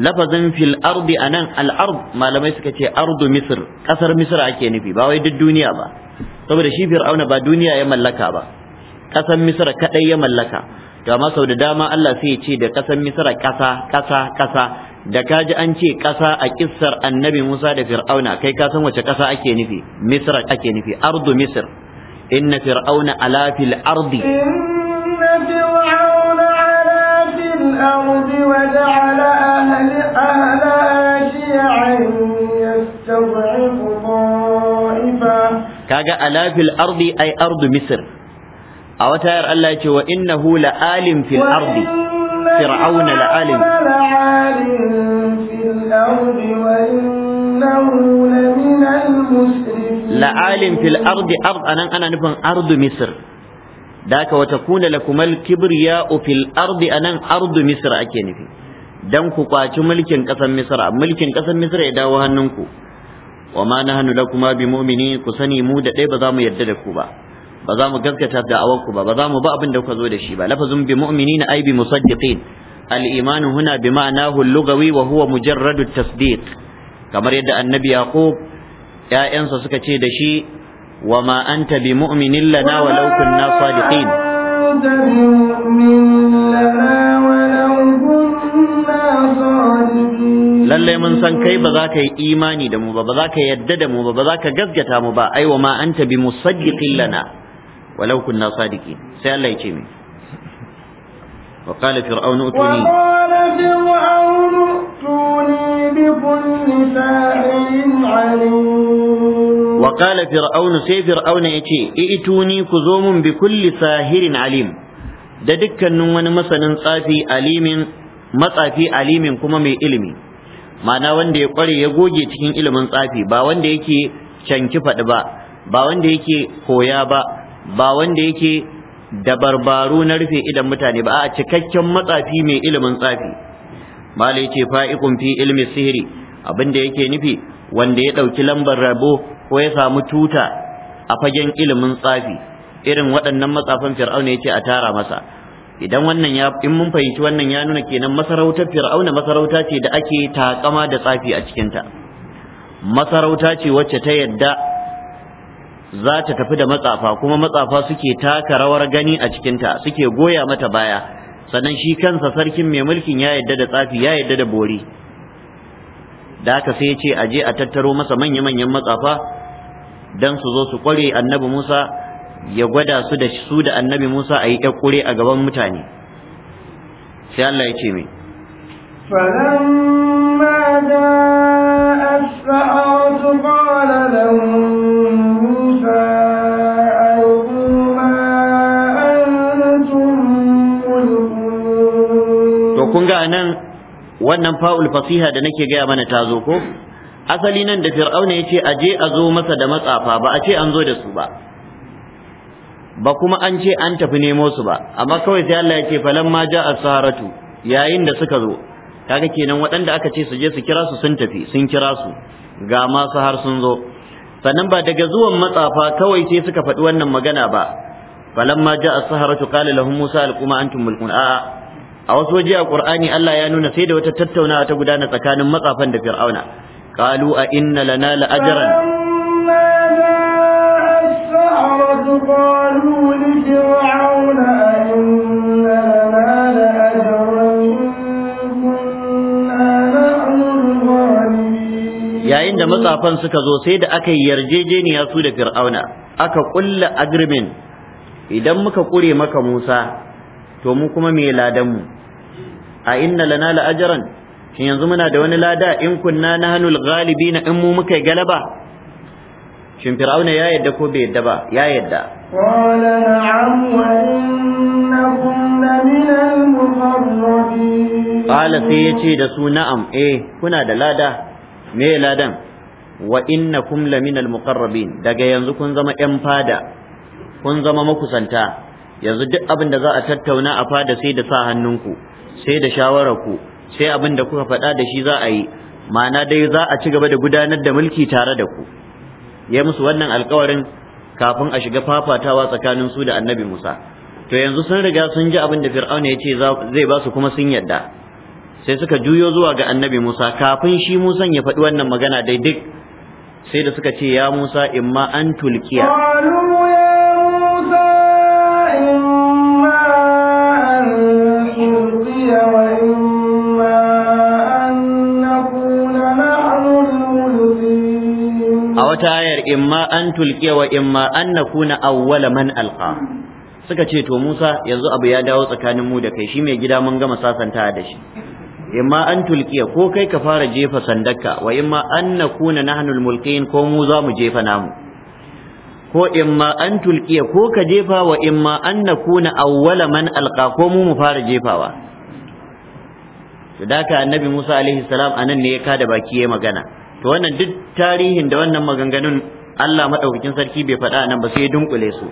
lafazin fil ardi anan al ard malamai suka ce ardu misr kasar misra ake nufi ba wai duk duniya ba saboda shi fir'auna ba duniya ya mallaka ba kasar misra kadai ya mallaka to amma sau da dama Allah sai ya ce da kasar misra kasa kasa kasa da kaji an ce ƙasa a kissar annabi Musa da Fir'auna kai ka san wace ƙasa ake nufi Misra ake nufi ardu Misr inna fir'auna ala fil ardi inna fir'auna ala fil ardi wa ja'ala ahli ahla shi'an yastad'ifu ta'ifa kaga ala fil ardi ay ardu Misr a wata yar Allah ya ce wa innahu la alim fil ardi فرعون لعالم لعالم في الأرض أرض أنا أنا نفهم أرض مصر ذاك وتكون لكم الكبرياء في الأرض أنا أرض مصر أكيني في dan ku kwaci mulkin ƙasar Misra mulkin ƙasar Misra ya dawo hannunku wa ma nahnu lakuma bi mu'mini ku sani mu da dai ba za mu yarda da ku ba ba za mu gaskata da'awarku ba ba za mu ba abin da kuka zo da shi ba lafazun bi mu'minina ay bi musaddiqin al-iman huna bi ma'nahu al-lughawi wa huwa mujarradu tasdiq kamar yadda annabi yaqub ƴaƴansa suka ce da shi wa ma anta bi mu'minin lana wa law kunna sadiqin lallai mun san kai ba za ka yi imani da mu ba ba za ka yadda da mu ba ba za ka gaskata mu ba aiwa ma anta bi musaddiqin lana walau kunna sadiqin sai Allah ya ce mai وقال فرعون ائتوني وقال فرعون ائتوني بكل ساحر عليم وقال فرعون سي فرعون يتي ائتوني كزوم بكل ساحر عليم da dukkanin wani masanin tsafi alimin matsafi alimin kuma mai ilimi ma'ana wanda ya kware ya goge cikin ilimin tsafi ba wanda yake canki faɗi ba ba wanda yake koya ba ba wanda yake dabarbaru na rufe idan mutane ba a cikakken matsafi mai ilimin tsafi mala yake fa'ikun fi ilmi sihiri abinda yake nufi wanda ya dauki lambar rabo ko ya samu tuta a fagen ilimin tsafi irin waɗannan matsafan fir'auna yace a tara masa idan wannan ya in mun fahimci wannan ya nuna kenan masarautar fir'auna masarauta ce da ake takama da tsafi a cikinta masarauta ce wacce ta yadda za ta tafi da matsafa kuma matsafa suke taka rawar gani a cikinta suke goya mata baya sannan shi kansa sarkin mai mulkin ya yadda da tsafi ya yadda da bori da aka sai ce a je a tattaro masa manya-manyan matsafa don su zo su kware annabi musa ya gwada su da su da annabi musa a yi ƙyaƙure a gaban mutane sai allah ya ce mai فلما جاء السحرة قال لهم anan wannan fa'ul fasiha da nake gaya mana ta zo ko asali nan da fir'auna ya ce aje a zo masa da matsafa ba a ce an zo da su ba ba kuma an ce an tafi nemo su ba amma kawai sai Allah ya ce ma ja saratu yayin da suka zo kaga kenan waɗanda aka ce su je su kira su sun tafi sun kira su ga masu har sun zo sannan ba daga zuwan matsafa kawai sai suka faɗi wannan magana ba ma ja saratu qala lahum musa alquma antum mulkun a'a a wasu waje a qur'ani Allah ya nuna sai da wata tattaunawa ta gudana tsakanin matsafan da fir'auna qalu a inna lana la ajran yayin da matsafan suka zo sai da aka yi yarjejeniya su da fir'auna aka kulla agrimin idan muka kure maka musa to mu kuma mai ladan mu a inna lana la ajran shin yanzu muna da wani lada in kunna nahnul ghalibina in mu muka galaba shin fir'auna ya yadda ko bai yadda ba ya yadda qala na'am wa innakum lamin al-muqarrabin qala sai yace da su na'am eh kuna da lada me ladan wa innakum lamin al-muqarrabin daga yanzu kun zama yan fada kun zama makusanta yanzu duk abin da za a tattauna a fada sai da sa hannunku sai da shawarar ku sai abin da kuka faɗa da shi za a yi ma'ana dai za a ci gaba da gudanar da mulki tare da ku ya musu wannan alkawarin kafin a shiga fafatawa tsakanin su da annabi Musa to yanzu sun riga sun ji abin da Fir'auna ya ce zai ba su kuma sun yadda sai suka juyo zuwa ga annabi Musa kafin shi musa ya faɗi wannan magana dai duk sai da suka ce ya Musa imma an tulkiya wata ayar imma an tulke wa imma an na kuna awwala man alqa suka ce to Musa yanzu abu ya dawo tsakanin mu da kai shi mai gida mun gama sasanta da shi imma an tulke ko kai ka fara jefa sandarka wa imma an na kuna nahnul mulqin ko mu za mu jefa namu ko imma an tulke ko ka jefa wa imma an na kuna awwala man alqa ko mu mu fara jefawa sadaka annabi Musa alaihi salam anan ne ya kada baki ya magana to wannan duk tarihin da wannan maganganun Allah madaukakin sarki bai faɗa nan ba sai ya dunkule su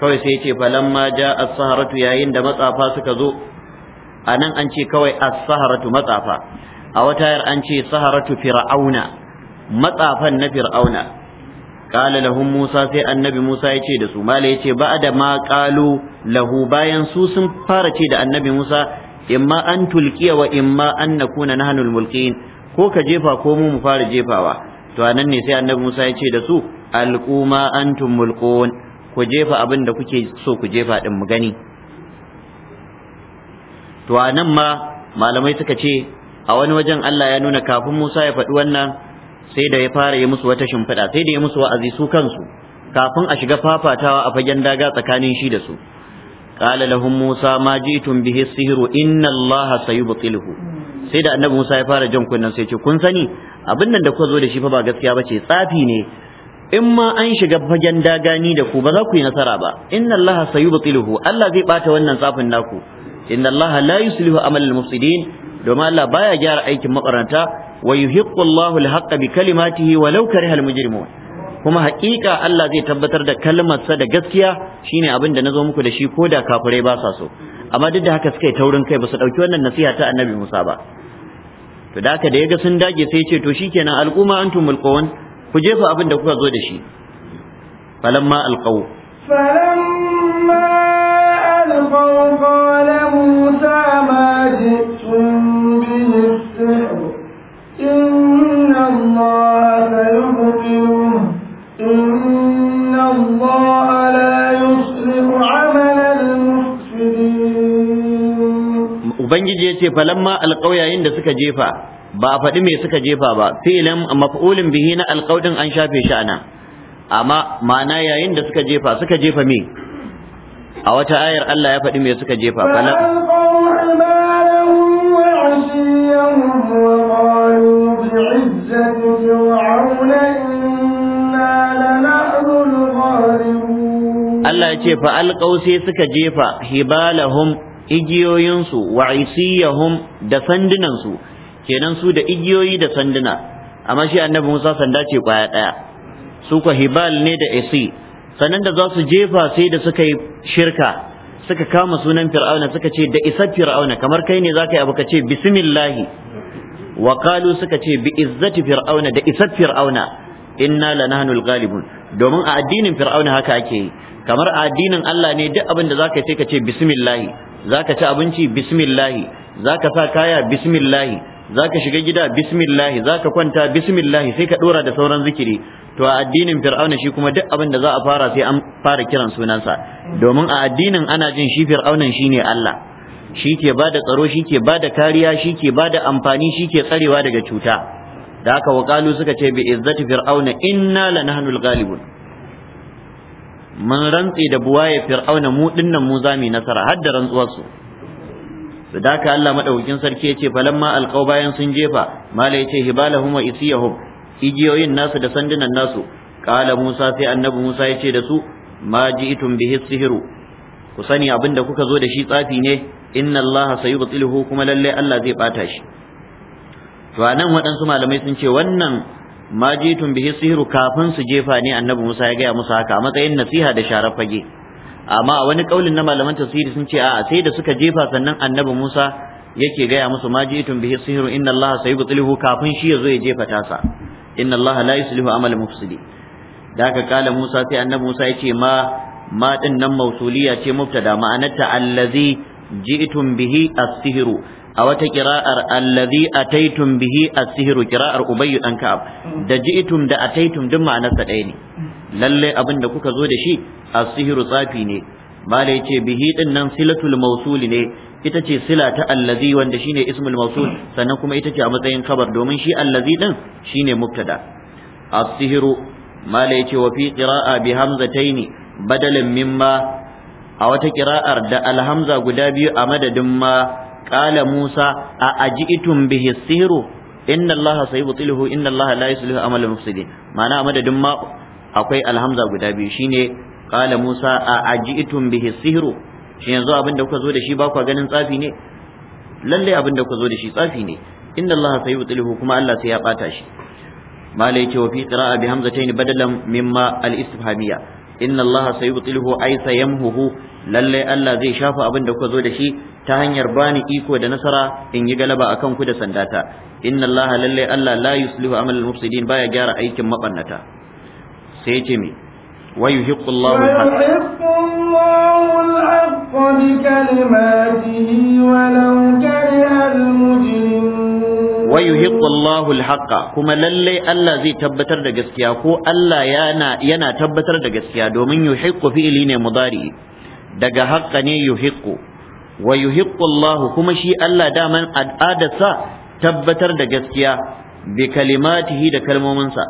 kawai sai ya ce falamma ja as-saharatu yayin da matsafa suka zo anan an ce kawai as-saharatu matsafa a wata yar an ce saharatu fir'auna matsafan na fir'auna qala lahum musa sai annabi musa ya ce da su mala ya ce ba'da ma qalu lahu bayan su sun fara ce da annabi musa imma an tulqiya wa imma an nakuna nahnu al-mulqin ko ka jefa ko mu mu fara jefawa to anan ne sai annabi Musa ya ce da su alquma antum mulqun ku jefa abin da kuke so ku jefa din mu gani to anan ma malamai suka ce a wani wajen Allah ya nuna kafin Musa ya faɗi wannan sai da ya fara yi musu wata shimfiɗa sai da ya musu wa'azi su kansu kafin a shiga fafatawa a fagen daga tsakanin shi da su قال لهم موسى ما جئتم به السحر إن الله سيبطله sai da annabi Musa ya fara jan kunnan sai ce kun sani abin nan da kuka zo da shi fa ba gaskiya bace tsafi ne in ma an shiga fagen dagani da ku ba za ku yi nasara ba inna Allah sayubtiluhu Allah zai bata wannan tsafin naku inna Allah la yuslihu amal mufsidin domin Allah baya gyara aikin makaranta wa yuhiqqu Allahu al-haqqa bi kalimatihi walau karihal mujrimun kuma haƙiƙa Allah zai tabbatar da kalmarsa da gaskiya shine abin da nazo muku da shi ko da kafirai ba sa so amma duk da haka suka yi taurin kai ba su ɗauki wannan nasiha ta annabi Musa ba to da haka da ya ga sun dage sai ce to shikenan al'umma antum mulqawan ku jefa abin da kuka zo da shi falamma alqaw falamma alqaw ubangiji yace falamma alqaw yayin da suka jefa ba a faɗi me suka jefa ba filin maf'ulin bihi na alƙawdin an shafe shi anan amma ma'ana yayin da suka jefa suka jefa me a wata ayar Allah ya faɗi me suka jefa Allah ya ce fa alƙau sai suka jefa hibalahum igiyoyinsu wa isiyahum da sandunansu kenan su da igiyoyi da sanduna amma shi annabi Musa sanda ce kwaya daya su ko hibal ne da isi sannan da za su jefa sai da suka yi shirka suka kama sunan fir'auna suka ce da isar fir'auna kamar kai ne zaka yi abu ka ce bismillahi wa qalu suka ce bi izzati fir'auna da isar fir'auna inna lanahnul ghalibun domin a addinin fir'auna haka ake yi kamar a addinin Allah ne duk abin da zaka sai ka ce bismillahi zaka ci abinci bismillahi zaka sa kaya bismillahi zaka shiga gida bismillahi zaka kwanta bismillahi sai ka dora da sauran zikiri to a addinin fir'auna shi kuma duk abin da za a fara sai an fara kiran sunansa domin a addinin ana jin shi fir'aunan shine Allah shi ke bada tsaro shi ke bada kariya shi ke bada amfani shi ke tsarewa daga cuta da haka wakalu suka ce bi izzati fir'auna inna lanahnul ghalibun mun rantse da buwaye fir'auna mu dinnan mu zami nasara har da rantsuwarsu. sadaka Allah Madaukin sarki yace falamma alqaw bayan sun jefa mala yace hibalahum wa isiyahum igiyoyin nasu da sandunan nasu qala Musa sai annabi Musa yace da su ma ji'tum bihi sihiru ku sani abinda kuka zo da shi tsafi ne inna Allah sayubtiluhu kuma lalle Allah zai bata shi to anan waɗansu malamai sun ce wannan ma jitun bihi sihiru kafin su jefa ne annabi Musa ya gaya musu haka a matsayin nasiha da sharar fage amma a wani kaulin na malaman tafsiri sun ce a'a sai da suka jefa sannan annabi Musa yake gaya musu ma jitun bihi sihiru inna Allah sayubtiluhu kafin shi ya zo ya jefa tasa inna Allah la yuslihu amal mufsidi da haka kala Musa sai annabi Musa ya ce ma ma din nan mausuliya ce mubtada ma'anarta allazi ji'tum bihi as-sihru a wata kira'ar allazi ataitum bihi as-sihru kira'ar ubayy dan ka'ab da ji'tum da ataitum duk ma'anarsa ɗaya ne lalle abin da kuka zo da shi as-sihru tsafi ne bala bihi din nan silatul mawsul ne ita ce sila ta allazi wanda shine ismul mawsul sannan kuma ita ce a matsayin khabar domin shi allazi din shine mubtada as-sihru mala yace wa fi qira'a bi hamzataini badalan mimma a wata kira'ar da alhamza guda biyu a madadin ma qala musa a aji'tum bihi sihru inna allaha sayubtiluhu inna allaha la yuslihu amal mufsidin ma'ana a madadin ma akwai alhamza guda biyu shine qala musa a aji'tum bihi sihru shi yanzu abin kuka zo da shi ganin tsafi ne lalle abin kuka zo da tsafi ne inna allaha sayubtiluhu kuma allah sai ya bata shi malai ce wa fi qira'a badalan mimma al-istifhamiyya inna allaha sayubtiluhu lalle Allah zai shafa abin da kuka zo da shi ta hanyar bani iko da nasara in yi galaba akan ku da sandata inna Allah lalle Allah la yuslihu amal mufsidin baya gyara aikin mabannata sai ce me wa yuhiqqu Allahu wa yuhiqqu Allahu kuma lalle Allah zai tabbatar da gaskiya ko Allah yana yana tabbatar da gaskiya domin yuhiqqu fi'ili ne mudari daga haqqa ne yuhiqqu wa yuhiqqu Allahu kuma shi Allah daman al'adarsa tabbatar da gaskiya bi kalimatihi da kalmominsa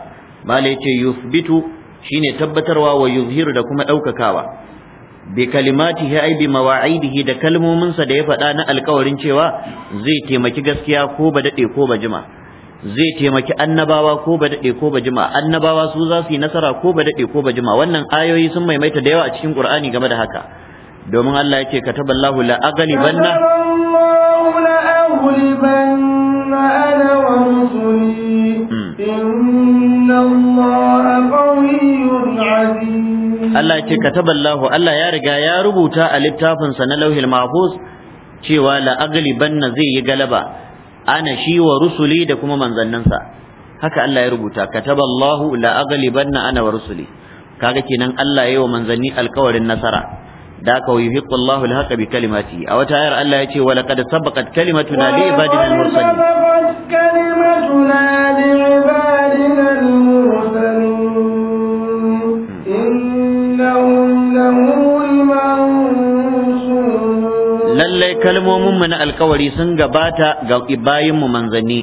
bale ce yuthbitu shine tabbatarwa wa yuzhiru da kuma daukakawa bi kalimatihi ai bi mawa'idihi da kalmominsa da ya faɗa na alkawarin cewa zai taimaki gaskiya ko ba dade ko ba jima zai taimaki annabawa ko ba dade ko ba jima annabawa su zasu yi nasara ko ba dade ko ba jima wannan ayoyi sun maimaita da yawa a cikin qur'ani game da haka domin Allah yake kataballahu la aghlibanna la aghlibanna ana wa rusuli hmm. inna Allaha qawiyyun aziz Allah yake kataballahu Allah ya riga ya rubuta a littafinsa na Lauhil Mahfuz cewa la aghlibanna zai yi galaba ana shi wa rusuli da kuma manzanninsa haka Allah ya rubuta kataballahu la aghlibanna ana wa rusuli kaga kenan Allah yayi wa manzanni alƙawarin nasara da aka yi hiqqu Allahu al bi kalimati a wata ayar Allah ya ce wa laqad sabaqat kalimatuna li ibadina al-mursalin kalimatuna li ibadina al-mursalin innahum lallai kalmomin mu na alkawari sun gabata ga bayin mu manzanni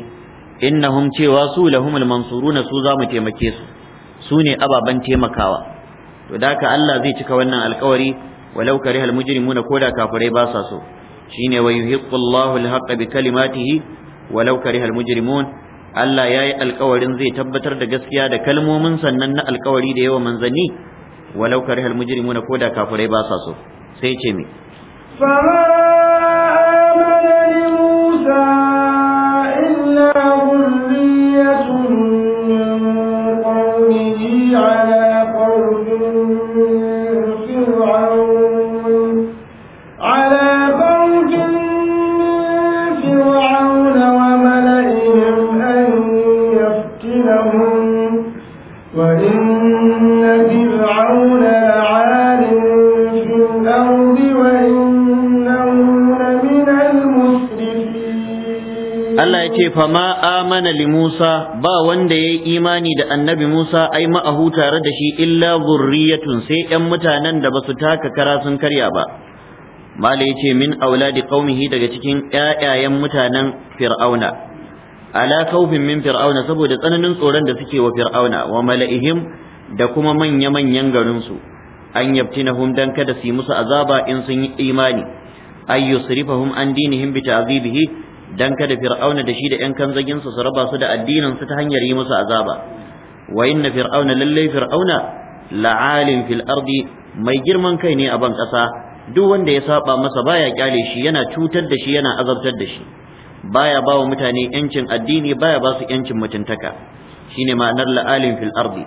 innahum cewa su lahumul mansuruna su za mu taimake su su ne ababan taimakawa to da haka Allah zai cika wannan alkawari walau kariha almujrimuna koda kafirai ba sa so shine wa yuhiqqu Allahu alhaqqa bi kalimatihi walau kariha Allah ya yi alkawarin zai tabbatar da gaskiya da kalmomin sannan na alkawari da yawa manzanni walau kare halmujirimu na koda kafirai ba sa so sai ce me. fama amana Limusa ba wanda yayi imani da annabi Musa ai ma'ahu tare da shi illa ya sai 'yan mutanen da basu taka kara sun karya ba mala yace min auladi qaumihi daga cikin ƴaƴayen mutanen fir'auna ala kaufin min fir'auna saboda tsananin tsoron da suke wa fir'auna wa mala'ihim da kuma manya manyan garin su an hum dan kada su yi musu azaba in sun yi imani ay yusrifahum an dinihim bi ta'dhibihi dan kada fir'auna da shi da yan kanzagin su su raba su da addinin su ta hanyar yi musu azaba wa inna fir'auna lallai fir'auna la'alim fil ardi mai girman kai ne a ban kasa duk wanda ya saba masa baya kyale shi yana cutar da shi yana azabtar da shi baya ba wa mutane yancin addini baya ba su yancin mutuntaka shine ma'anar la'alim fil ardi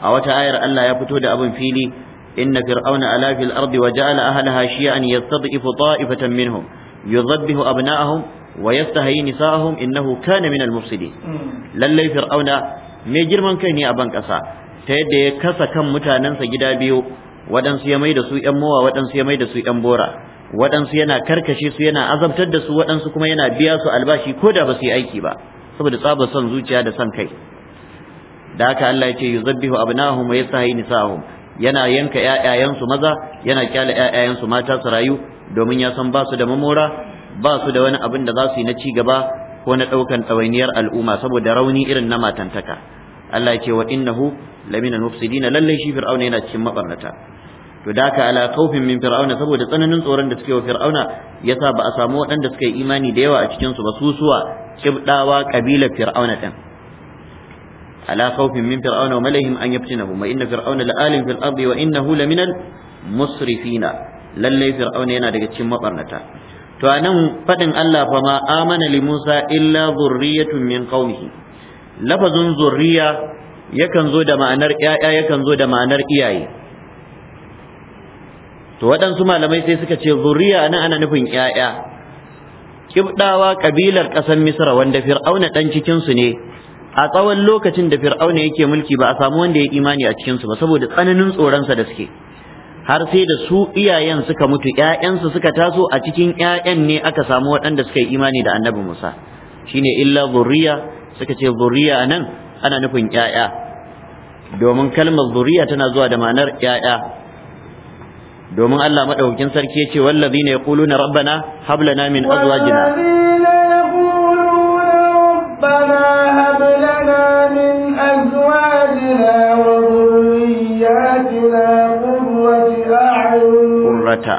a wata ayar Allah ya fito da abin fili inna fir'auna ala fil ardi wa ja'ala ahlaha shi'an yastad'ifu ta'ifatan minhum yudhabbihu abna'ahum wa yastahi nisa'ahum innahu kana minal mufsidin lallai fir'auna mai girman kai ne a ban ta yadda ya kasa kan mutanensa gida biyu waɗansu ya mai su ƴan mowa waɗansu ya mai su ƴan bora waɗansu yana karkashe su yana azabtar da su waɗansu kuma yana biya su albashi ko da ba su yi aiki ba saboda tsaba son zuciya da son kai da haka Allah ya ce yuzabbihu abnahum wa yastahi nisa'ahum yana yanka ƴaƴayensu maza yana kyale ƴaƴayensu mata su rayu domin ya san basu da mamora ba su da wani abin da za su yi na ci gaba ko na ɗaukan ɗawainiyar al'umma saboda rauni irin na matantaka Allah ya ce wa innahu lamina mufsidina lallai shi fir'auna yana cikin mabarnata to da ka ala kaufin min fir'auna saboda tsananin tsoron da suke wa fir'auna yasa ba a samu waɗanda suka yi imani da yawa a cikin su ba su suwa kibdawa kabilar fir'auna din ala kaufin min fir'auna wa malahim an yaftinahu ma inna fir'auna la'alim fil ardi wa innahu laminal musrifina lallai fir'auna yana daga cikin mabarnata to anan faɗin Allah fa ma amana li Musa illa zurriyatun min qaumihi lafazun zurriya yakan zo da ma'anar yaya yakan zo da ma'anar iyaye to waɗansu malamai sai suka ce zurriya nan ana nufin yaya kibdawa kabilar ƙasar Misra wanda Fir'auna dan cikin su ne a tsawon lokacin da Fir'auna yake mulki ba a samu wanda ya imani a cikin su ba saboda tsananin tsoron da suke har sai da su iyayen suka mutu ƴaƴansu suka taso a cikin ƴaƴan ne aka samu waɗanda suka yi imani da annabi Musa shine illa zuriya suka ce zuriya nan ana nufin ƴaƴa domin kalmar zuriya tana zuwa da ma'anar ƴaƴa domin Allah madaukakin sarki ya ce wallazina yaquluna rabbana hablana min azwajina rabbana مكة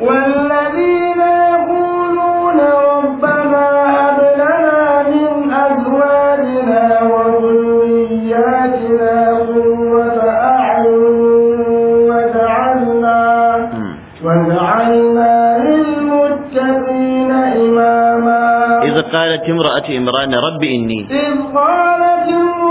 والذين يقولون ربنا هب لنا من أزواجنا وذرياتنا قرة أعين واجعلنا واجعلنا للمتقين إماما إذ قالت امرأة إمران رب إني إذ قالت امرأة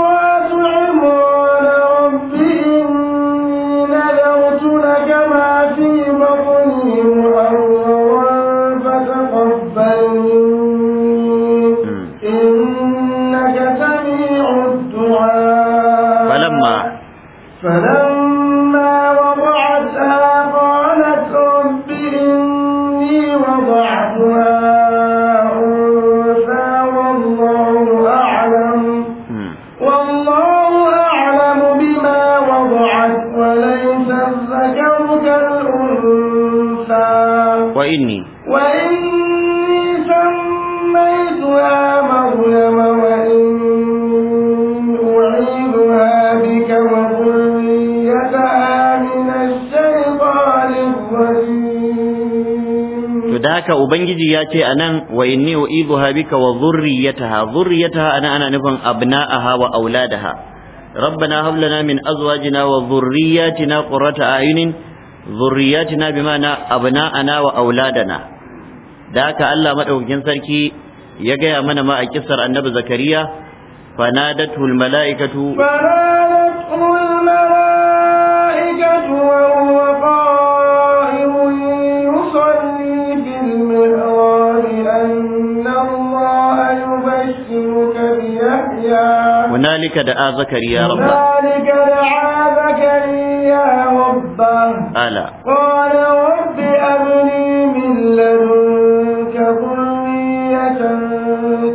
haka ubangiji ya ce anan wa inni u'idhuha bika wa dhurriyyataha dhurriyyataha ana ana nufin abna'aha wa auladaha rabbana hab lana min azwajina wa dhurriyyatina qurrata a'yunin dhurriyyatina bima'ana abna'ana wa auladana da haka Allah madaukakin sarki ya gaya mana ma a kissar annabi zakariya fanadatul mala'ikatu ذلك دعا زكريا ربه ذلك دعا زكريا ربه ألا قال رب أبني من لدنك ذرية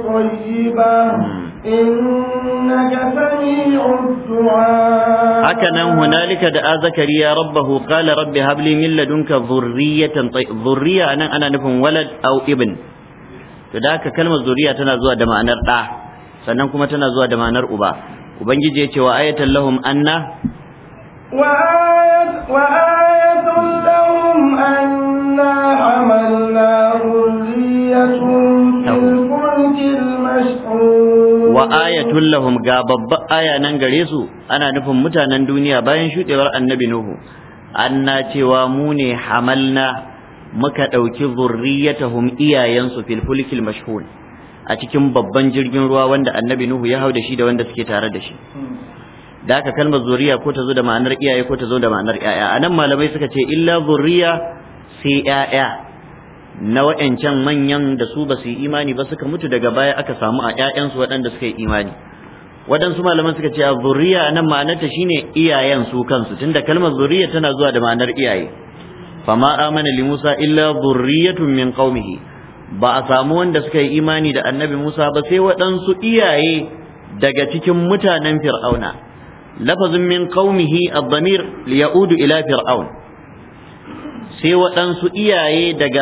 طيبة إنك سميع الدعاء هكذا هنالك دعا زكريا ربه قال رب هب لي من لدنك ذرية طيبة ذرية أنا أنا نفهم ولد أو ابن فذاك كلمة ذرية تنازوها دمعنى الرأح sannan kuma tana zuwa da manar uba ubangiji ya ce wa ayatan lahum anna wa ayatan lahum anna hamalna wa ayatun lahum ga babba aya nan gare su ana nufin mutanen duniya bayan shudewar annabi nuhu anna cewa mu ne hamalna muka ɗauki zurriyatahum iyayensu fil fulkil mashhun a cikin babban jirgin ruwa wanda annabi nuhu ya hau da shi da wanda suke tare da shi da aka kalmar zuriya ko ta zo da ma'anar iyaye ko ta zo da ma'anar A anan malamai suka ce illa zuriya sai 'ya'ya na wa'ancan manyan da su ba su yi imani ba suka mutu daga baya aka samu a 'ya'yansu waɗanda suka yi imani waɗansu malamai suka ce a zuriya nan ma'anarta shine iyayen su kansu tunda kalmar zuriya tana zuwa da ma'anar iyaye fama amana li musa illa zurriyatun min qaumihi ba a samu wanda suka yi imani da annabi Musa ba sai waɗansu iyaye daga cikin mutanen Fir'auna lafazin min qaumihi ad-damir ya'udu ila fir'aun sai waɗansu iyaye daga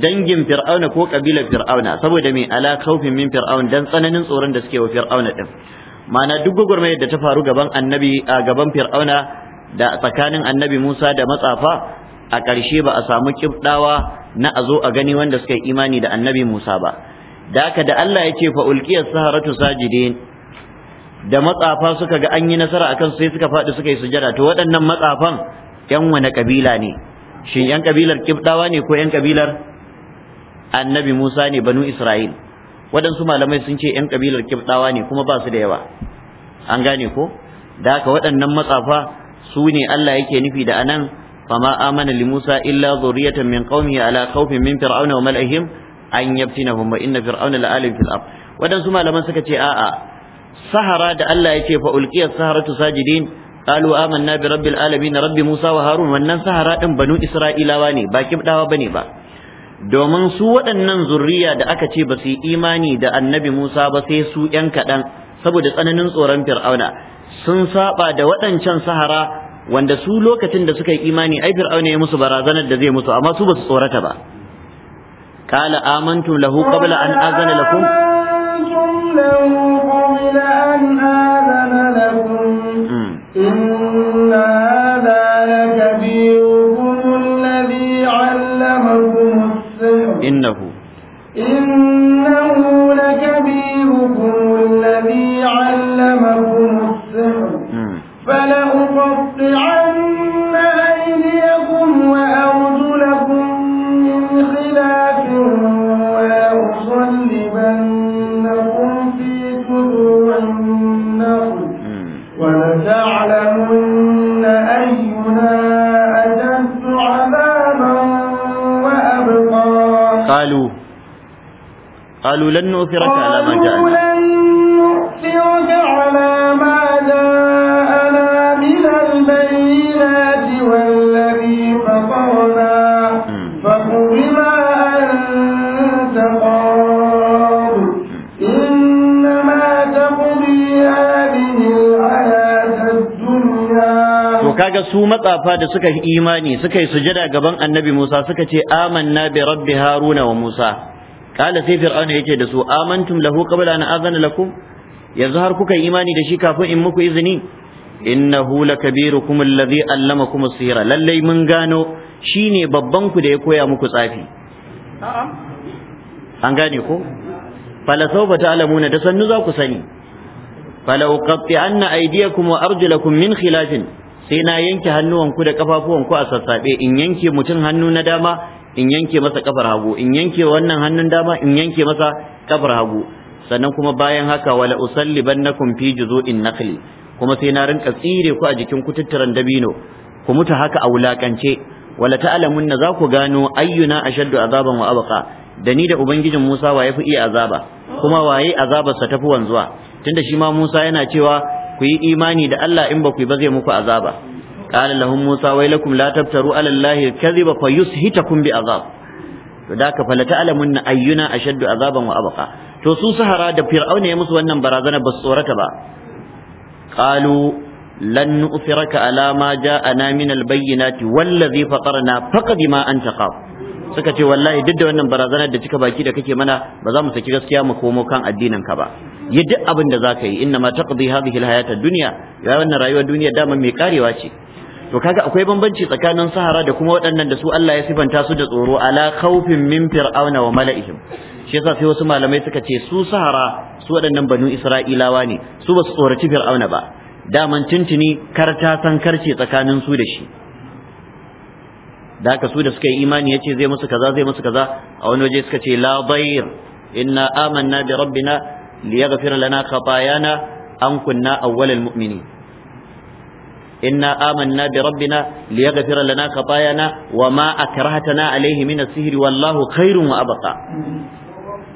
dangin fir'auna ko kabilar fir'auna saboda mai ala khaufin min fir'aun dan tsananin tsoron da suke wa fir'auna din mana duk gwagwarmayar da ta faru gaban annabi a gaban fir'auna da tsakanin annabi Musa da matsafa a ƙarshe ba a samu kibdawa na a zo a gani wanda suka yi imani da annabi Musa ba da haka da Allah ya ce fa ulqiyas saharatu sajidin da matsafa suka ga an yi nasara akan sai suka faɗi suka yi sujada to waɗannan matsafan yan wani kabila ne shin yan kabilar kibdawa ne ko yan kabilar annabi Musa ne banu Isra'il waɗansu malamai sun ce yan kabilar kibdawa ne kuma ba su da yawa an gane ko da haka waɗannan matsafa su ne Allah yake nufi da anan فما آمن لموسى إلا ذرية من قومه على خوف من فرعون وملئهم أن يفتنهم وإن فرعون لآل في الأرض ودن سما لما سكت آآ سهرة دا الله يتي فألقي السهرة ساجدين قالوا آمنا برب العالمين رب موسى وهارون وأن سهرة بنو إسرائيل واني باكب داوا بني با domin su waɗannan zurriya da aka ce ba su yi imani da annabi Musa ba sai su ‘yan kaɗan saboda tsananin tsoron fir'auna sun saba da waɗancan sahara wanda su lokacin da suka yi imani ai fir'auna ya musu barazanar da zai musu amma su basu tsorata ba qala amantum lahu qabla an azana lakum qabla an azana lakum hmm. inna قالوا لن نؤثرك على ما جاءنا قالوا لن نؤثرك على ما جاءنا من البينات والذي فطرنا فقل ما أنت قاض إنما تقضي هذه الحياة الدنيا kaga su matsafa سكه إيماني سكه سجد أقبان النبي موسى سكه آمنا برب هارون وموسى kala sai fir'auna yake da su amantum lahu qabla azana yanzu har kuka yi imani da shi kafin in muku izini innahu lakabirukum alladhi allamakum as-sihra lallai mun gano shine babban ku da ya koya muku tsafi an gane ko fala sawfa ta'lamuna da sannu za ku sani fala uqatti anna aydiyakum wa arjulakum min khilafin sai na yanke hannuwanku da kafafuwanku a sassabe in yanke mutum hannu na dama in yanke masa kafar hagu in yanke wannan hannun dama in yanke masa kafar hagu sannan kuma bayan haka wala usallibannakum fi juzu'in nakhli kuma sai na rinka tsire ku a jikin kututturan dabino ku mutu haka a wulakance wala ta'lamun za ku gano ayyuna ashaddu azaban wa abqa da ni da ubangijin Musa wa yafi iya azaba kuma waye azabar sa tafi wanzuwa tunda shi ma Musa yana cewa ku yi imani da Allah in ba ku yi ba zai muku azaba qala lahum musa wailakum la tabtaru ala allahi kadhiba hita yushitakum bi azab to da ka falata alamun na ayyuna ashaddu azaban wa abqa to su sahara da fir'auna ya musu wannan barazana ba tsorata ba qalu lan nu'thiraka ala ma ja'ana min albayyinati wallazi fatarna faqad ma anta qab suka ce wallahi duk da wannan barazanar da cika baki da kake mana ba za mu saki gaskiya mu komo kan addinin ka ba yi duk abin da zaka yi inna ma taqdi hadhihi alhayata duniya yaya wannan rayuwar duniya dama mai karewa ce to kaga akwai bambanci tsakanin sahara da kuma waɗannan da su Allah ya sifanta su da tsoro ala khawfin min fir'auna wa mala'ihim shi yasa sai wasu malamai suka ce su sahara su waɗannan banu isra'ilawa ne su basu tsoraci fir'auna ba daman tuntuni karta san karce tsakanin su da shi da haka su da suka yi imani yace zai musu kaza zai musu kaza a wani waje suka ce la dayr inna amanna bi rabbina liyaghfira lana khatayana an kunna awwalal mu'minin inna amanna bi rabbina ka baya na wa ma akrahatana alayhi min as sihiri wallahu khairun wa abqa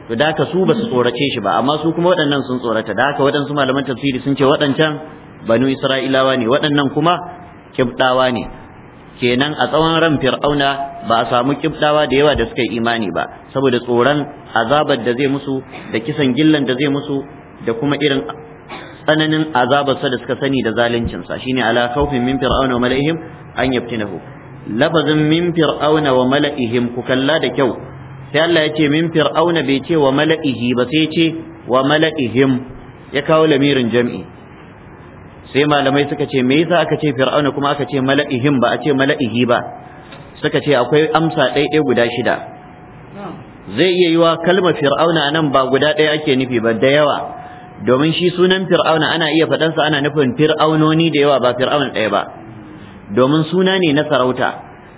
to da haka su basu tsorace shi ba amma su kuma waɗannan sun tsorata da haka waɗansu malaman tafsiri sun ce waɗancan banu isra'ilawa ne waɗannan kuma kibdawa ne kenan a tsawon ran fir'auna ba a samu kibdawa da yawa da suka yi imani ba saboda tsoron azabar da zai musu da kisan gillan da zai musu da kuma irin tsananin azabarsa da suka sani da zaluncinsa shine ala khawfin min fir'auna wa mala'ihim an yaftinahu lafazin min fir'auna wa mala'ihim ku kalla da kyau sai Allah ya ce min fir'auna bai ce wa mala'ihi ba sai ya ce wa mala'ihim ya kawo lamirin jam'i sai malamai suka ce me yasa aka ce fir'auna kuma aka ce mala'ihim ba a ce mala'ihi ba suka ce akwai amsa ɗaiɗai guda shida zai iya yiwa kalmar fir'auna nan ba guda ɗaya ake nufi ba da yawa domin shi sunan fir'auna ana iya faɗansa ana nufin fir'aunoni da yawa ba fir'aun ɗaya ba domin suna ne na sarauta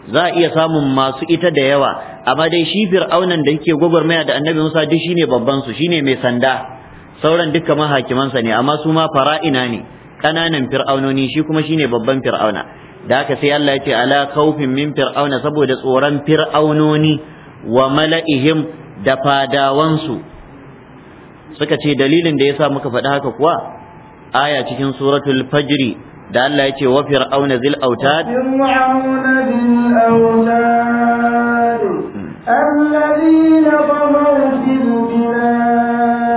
za a iya samun masu ita da yawa amma dai shi fir'aunan da yake gwagwarmaya da annabi musa duk shine babban su shine mai sanda sauran dukkan mahakimansa ne amma su ma fara'ina ne ƙananan fir'aunoni shi kuma shine babban fir'auna da haka sai Allah ya ce ala khawfin min fir'auna saboda tsoron fir'aunoni wa mala'ihim da fadawansu suka ce dalilin da ya sa muka faɗi haka kuwa aya cikin suratul fajri da Allah ya wa fir'auna zil autad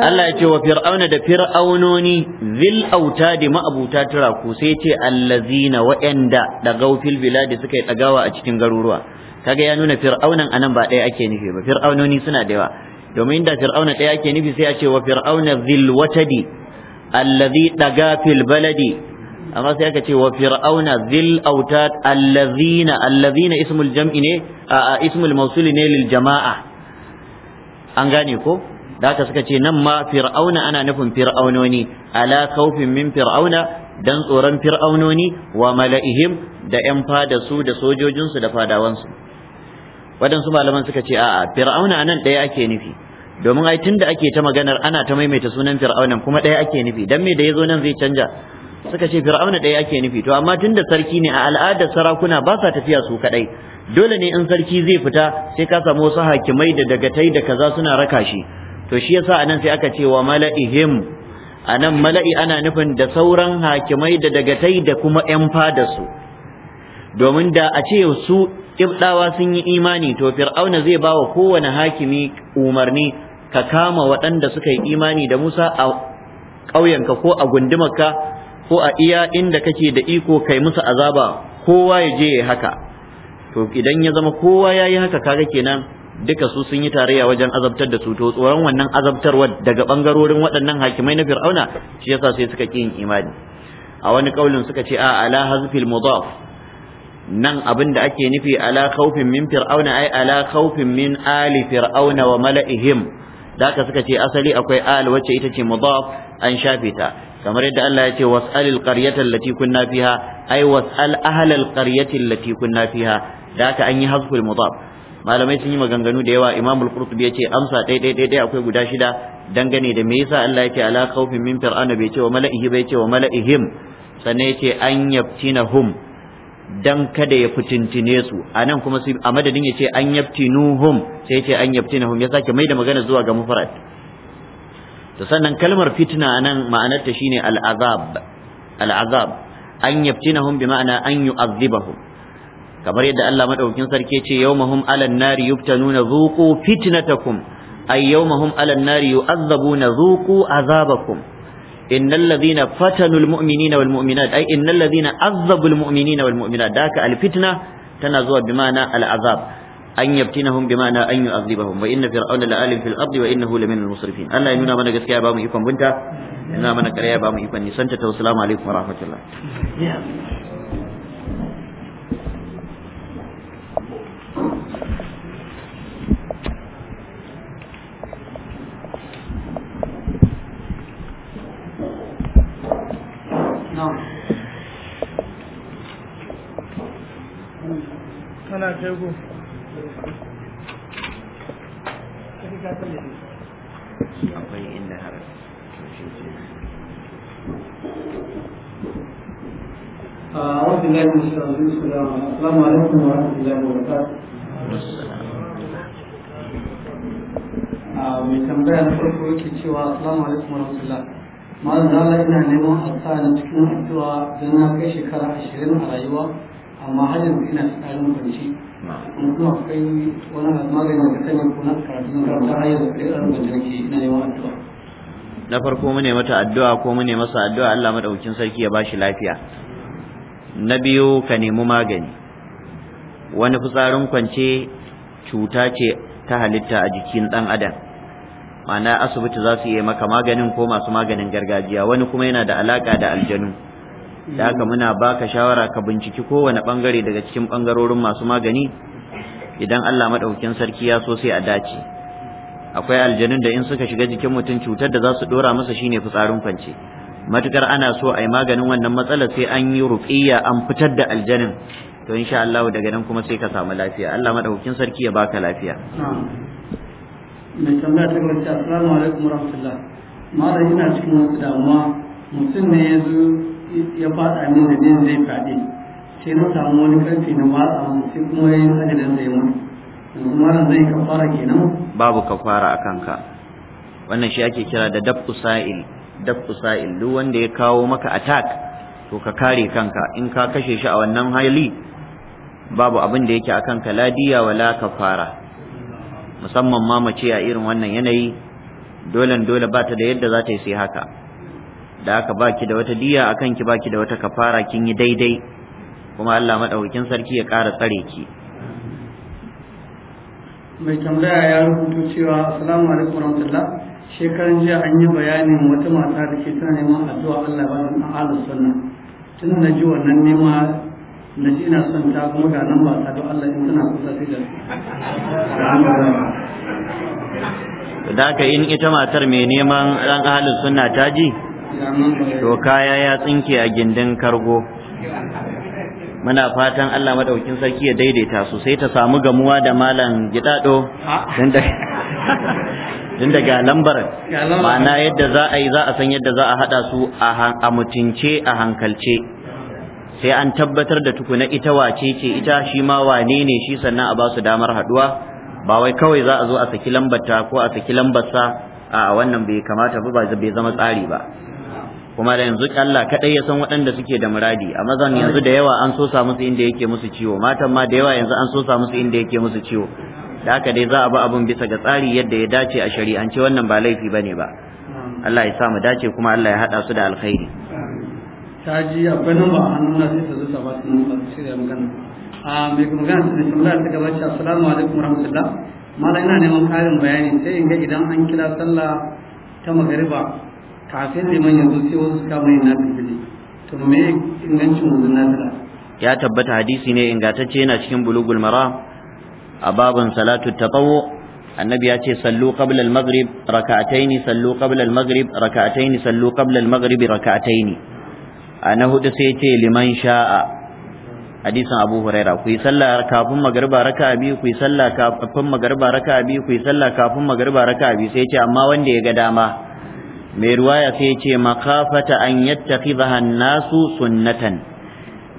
Allah ya ce wa fir'auna da fir'aunoni zil autadi ma'abuta turaku sai ce allazina wa'anda da gaufil biladi suka yi dagawa a cikin garuruwa kaga ya nuna fir'aunan anan ba ɗaya ake nufi ba fir'aunoni suna da yawa domin da fir'auna ɗaya ake nufi sai a ce wa fir'auna zil watadi allazi daga fil baladi amma sai aka ce wa fir'auna zil autat allazina allazina ismul jam'i ne a ismul mawsul ne lil jama'a an gane ko da haka suka ce nan ma fir'auna ana nufin fir'aunoni ala khawfin min fir'auna dan tsoron fir'aunoni wa mala'ihim da yan fada su da sojojinsu da fadawansu waɗansu malaman suka ce a'a fir'auna nan ɗaya ake nufi domin ai tunda ake ta maganar ana ta maimaita sunan fir'aunan kuma ɗaya ake nufi dan me da yazo nan zai canja suka ce fir'auna ɗaya ake nufi to amma tunda sarki ne a al'adar sarakuna ba sa tafiya su kadai dole ne in sarki zai fita sai ka samu wasu hakimai da dagatai da kaza suna raka shi to shi yasa anan sai aka ce wa mala'ihim anan mala'i ana nufin da sauran hakimai da dagatai da kuma 'yan fada su domin da a ce su ƙibɗawa sun yi imani to fir'auna zai ba wa kowane hakimi umarni ka kama waɗanda suka yi imani da Musa a ƙauyenka ko a gundumarka ko a iya inda kake da iko kai musu azaba kowa ya je ya haka to idan ya zama kowa ya yi haka kaga kenan duka su sun yi tarayya wajen azabtar da su to tsoron wannan azabtarwa daga bangarorin waɗannan hakimai na fir'auna shi yasa sai suka ƙi imani a wani kaulin suka ce a ala hazfil mudaf nan abin da ake nufi ala khawfin min fir'auna ai ala khawfin min ali fir'auna wa mala'ihim da haka suka ce asali akwai al wacce ita ce mudaf an shafe ta kamar yadda Allah ya ce was'alil qaryata allati kunna fiha ay was'al ahlal qaryati allati kunna fiha da haka an yi hazful mudaf malamai sun yi maganganu da yawa Imam al-Qurtubi ya ce amsa ɗaya ɗaya ɗaya akwai guda shida dangane da me yasa Allah ya ce ala khawfin min fir'auna bai ce wa mala'ihi bai ce wa mala'ihim sannan ya ce an yaftinahum dan kada ya fitintine su anan kuma su a madadin yace an yaftinuhum sai yace an yaftinuhum ya sake mai da magana zuwa ga mufrad to sannan kalmar fitna anan ma'anarta shine al'azab al'azab an yaftinuhum bi ma'ana an yu'azzibahum kamar yadda Allah madaukakin sarki yace yawmahum 'alan nari yuftanuna dhuqu fitnatakum ay yawmahum 'alan nari yu'azzabuna dhuqu azabakum innal ladhina fatanul mu'minina wal mu'minat ay innal ladhina azzabul mu'minina wal mu'minat tana zuwa bi ma'ana al azab an yaftinahum bi ma'ana an yu'adhibahum wa inna fir'auna la alim fil ardi wa innahu lamin al musrifin Allah ya nuna mana gaskiya ba mu ikon bunta nuna mana ƙarya ba mu ikon kana jego akwai inda har أعوذ بالله من الشيطان الرجيم السلام عليكم ورحمة الله وبركاته mai tambaya na farko yake cewa assalamu alaikum warahmatullah mazala ina neman a sa cikin addu'a don na kai shekara ashirin a rayuwa amma har yanzu ina tsarin kwanci in kuma akwai wani maganin da sanya kuna karatun karanta har yanzu kai tsarin kwanci nake ina neman addu'a na farko mu ne mata addu'a ko mu ne masa addu'a Allah madaukakin sarki ya bashi lafiya na biyu ka nemi magani wani fitsarin kwance cuta ce ta halitta a jikin ɗan adam ma'ana asibiti za su yi maka maganin ko masu maganin gargajiya wani kuma yana da alaka da aljanu da haka muna baka shawara ka binciki kowane bangare daga cikin bangarorin masu magani idan Allah maɗaukin sarki ya so sai a dace akwai aljanun da in suka shiga jikin mutum cutar da za su dora masa shine fitsarin kwance matukar ana so a yi maganin wannan matsalar sai an yi ruƙiyya an fitar da aljanin to insha Allah daga nan kuma sai ka samu lafiya Allah maɗaukin sarki ya baka lafiya mai tambaya ta gaske assalamu alaikum warahmatullah malam ina cikin wasu damuwa mutum ne ya zo ya faɗa min da jin zai fadi sai na samu wani karfi na matsa sai kuma ya yi da sai mutu yanzu malam zai kafara kenan babu kafara a kanka wannan shi ake kira da dab sa'il dab sa'il duk wanda ya kawo maka attack to ka kare kanka in ka kashe shi a wannan hali babu abin da yake akan ka la diya wala kafara musamman ma mace a irin wannan yanayi dolen dole ba ta da yadda za ta yi sai haka da aka baki da wata diya akan ki baki da wata kafara kin yi daidai kuma Allah madaukakin sarki ya ƙara tsare ki mai tambaya ya rubuta cewa assalamu alaikum warahmatullah shekaran jiya an yi bayanin wata mata da ke tana neman addu'a Allah ba na sunna tun da ji wannan nema na ji na son ta kuma ga nan ba ta don Allah in suna kusa sai da da haka in ita matar mai neman ɗan ahalin suna ta ji to kaya ya tsinke a gindin kargo muna fatan Allah maɗaukin sarki ya daidaita su sai ta samu gamuwa da malam Gidaɗo? tun daga lambar ma'ana yadda za a yi za a san yadda za a haɗa su a mutunce a hankalce sai an tabbatar da tukuna ita wace ce ita shi ma wane ne shi sannan a ba su damar haduwa ba wai kawai za a zo a saki lambarta ko a saki lambarsa a wannan bai kamata ba bai zama tsari ba kuma da yanzu Allah kadai ya san waɗanda suke da muradi a mazan yanzu da yawa an so sa musu inda yake musu ciwo matan ma da yawa yanzu an so sa musu inda yake musu ciwo da haka dai za a bi abun bisa ga tsari yadda ya dace a shari'ance wannan ba laifi bane ba Allah ya sa mu dace kuma Allah ya hada su da alkhairi ta ji akwai nan ba a sai ta ba nan ba shirya magana a mai gaba ce assalamu alaikum mala ina neman karin bayani sai in ga idan an kira sallah ta magariba kafin ya sai wasu suka mai na to me ingancin ya tabbata hadisi ne ingantacce yana cikin bulugul maram a babin salatu tatawwu annabi ya ce sallu qabla al raka'ataini sallu qabla al-maghrib raka'ataini sallu qabla al raka'ataini a na hudu sai ce liman sha'a hadisin abu huraira ku yi sallah kafin magarba raka biyu ku yi sallah kafin magarba raka biyu ku yi sallah kafin magarba raka biyu sai ce amma wanda ya ga dama mai ruwaya sai ce makafata an yattakhidha an-nasu sunnatan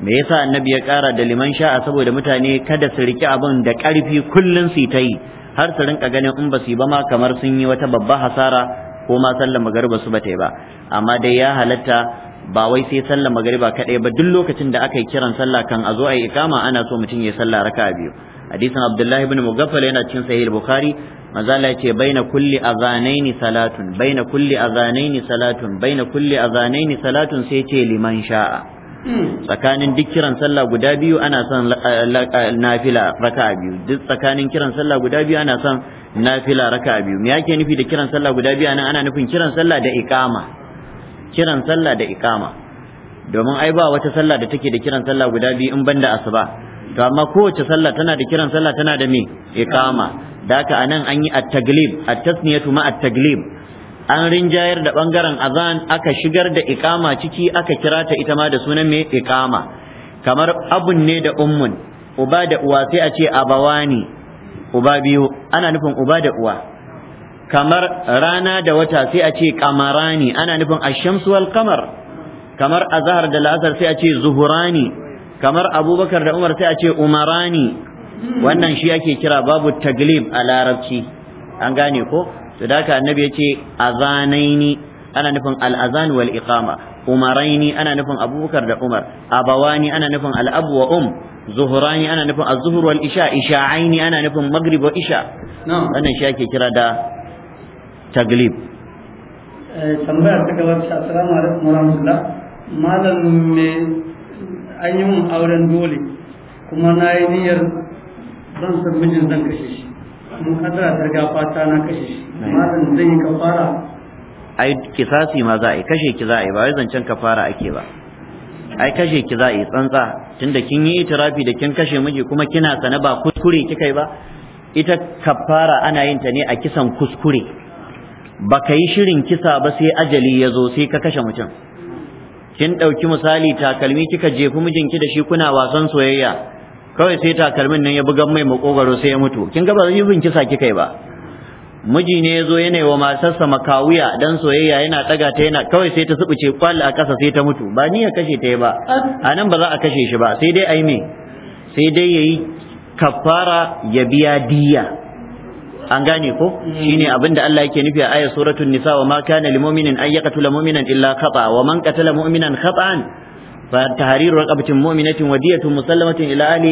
me yasa annabi ya kara da liman sha'a saboda mutane kada su riki abin da karfi kullun su ta yi har su rinka ganin in ba su yi ba ma kamar sun yi wata babba hasara ko ma sallar magarba su ba ta yi ba amma dai ya halatta ba wai sai sallar magariba kadai ba duk lokacin da aka yi kiran sallah kan a zo a yi ikama ana so mutum ya sallah raka'a biyu hadisin abdullahi ibn mugaffal yana cikin sahih bukhari mazala ce baina kulli azanaini salatun baina kulli azanaini salatun baina kulli azanaini salatun sai ce liman sha'a tsakanin duk kiran sallah guda biyu ana son eh, eh, nafila raka'a biyu duk tsakanin kiran sallah guda biyu ana son nafila raka'a biyu me yake nufi da kiran sallah guda biyu anan ana nufin kiran sallah da iqama kiran sallah da ikama domin ai ba wata sallah da take da kiran sallah guda biyu in banda asuba to amma kowace sallah tana da kiran sallah tana da me iqama da haka anan an yi at-taglib at-tasniyatu ma at-taglib an rinjayar da bangaren azan aka shigar da ikama ciki aka kira ta ita ma da sunan me ikama, kamar abun ne da ummun uba da uwa sai a ce abawani uba biyu ana nufin uba da uwa kamar rana da wata sai a ce kamarani ana nufin ashamsu wal kamar kamar azhar da la'asar sai a ce zuhurani kamar abubakar da umar sai a ce umarani wannan shi ake kira babu taglib a larabci an gane ko to da haka annabi ya azanaini ana nufin al'azan wal iqama umaraini ana nufin abubakar da umar abawani ana nufin al'abu wa um zuhurani ana nufin az-zuhur wal isha isha'aini ana nufin maghrib wa isha wannan shi ake kira da taglib tambaya ta gaba shi assalamu alaikum warahmatullah malam me an yi mun auren dole kuma na yi niyyar zan san mijin zan kashe shi mun kadara ta ga fata na kashe shi malam zan yi kafara ai kisasi ma za a yi kashe ki za a yi ba wai zancen kafara ake ba ai kashe ki za a yi tsantsa tunda kin yi itirafi da kin kashe miji kuma kina sane ba kuskure kika yi ba ita kafara ana yin ta ne a kisan kuskure baka yi shirin kisa ba sai ajali ya zo sai ka kashe mutum kin ɗauki misali takalmi kika jefi mijinki da shi kuna wasan soyayya kawai sai takalmin nan ya bugan mai makogaro sai ya mutu kin ga ba yi kisa kika yi ba miji ne ya zo yana yi wa matarsa makawuya dan soyayya yana ɗaga ta yana kawai sai ta subuce kwal a ƙasa sai ta mutu ba ni ya kashe ta yi ba a nan ba za a kashe shi ba sai dai a yi me sai dai ya yi kafara ya biya diya an gane ko shine abin da Allah yake nufi a ayat suratul nisa wa ma kana lil mu'minin ay yaqtula mu'minan illa khata wa man qatala mu'minan khata'an fa tahriru raqabatin mu'minatin wa diyatun musallamatin ila ahli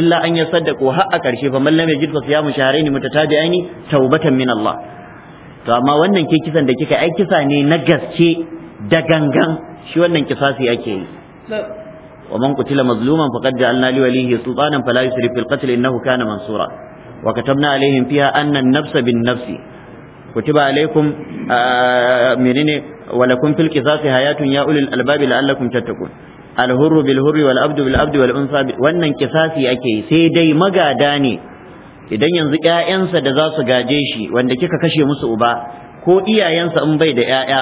illa an yasaddaqu har a karshe fa man lam yajid fa siyamu shahrayn mutatabi'ain tawbatan min Allah to amma wannan ke kisan da kika ai kisa ne na gaske da gangan shi wannan kisasi ake yi ومن قتل مظلوما فقد جعلنا لوليه سلطانا فلا يسرف في القتل انه كان منصورا wa katabna alaihim fiha anna an-nafsa bin-nafsi kutiba alaikum menene walakum fil qisasi hayatun ya ulil albabi la'allakum tattaqun al-hurru bil wal-abdu bil-abdi wal-unsa wannan kisasi ake yi sai dai magada ne idan yanzu 'ya'yansa da za su gaje shi wanda kika kashe musu uba ko iyayensa in bai da 'ya'ya,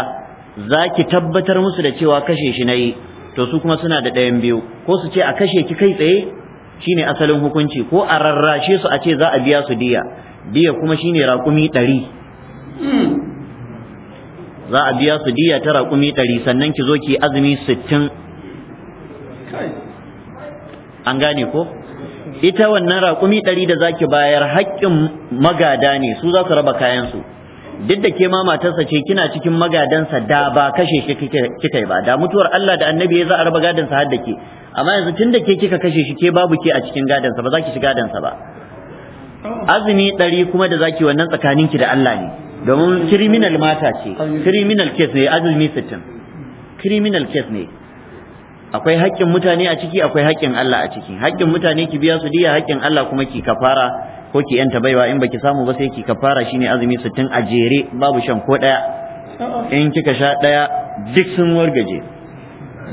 za ki tabbatar musu da cewa kashe shi nayi to su kuma suna da ɗayan biyu ko su ce a kashe ki kai tsaye shine asalin hukunci ko a rarrashe su a ce za a biya su diya diya kuma shine raƙumi ɗari za a biya su diya ta raƙumi ɗari sannan ki zo ki azumi sittin an gane ko ita wannan raƙumi ɗari da zaki bayar haƙƙin magada ne su za su raba kayansu duk da ke ma matarsa ce kina cikin magadansa da ba kashe shi kika yi ba da mutuwar Allah da annabi ya za a raba gadansa har da ke amma yanzu tun da ke kika kashe shi ke babu ke a cikin gadansa ba za ki shiga gadansa ba azumi ɗari kuma da zaki wannan tsakanin ki da Allah ne domin criminal mata ce criminal case ne azumi sittin criminal case ne akwai haƙƙin mutane a ciki akwai haƙƙin Allah a ciki haƙƙin mutane ki biya su diya haƙƙin Allah kuma ki kafara ko ki yanta baiwa in baki samu ba sai ki kafara shine azumi 60 a jere babu shan ko daya in kika sha daya duk sun wargaje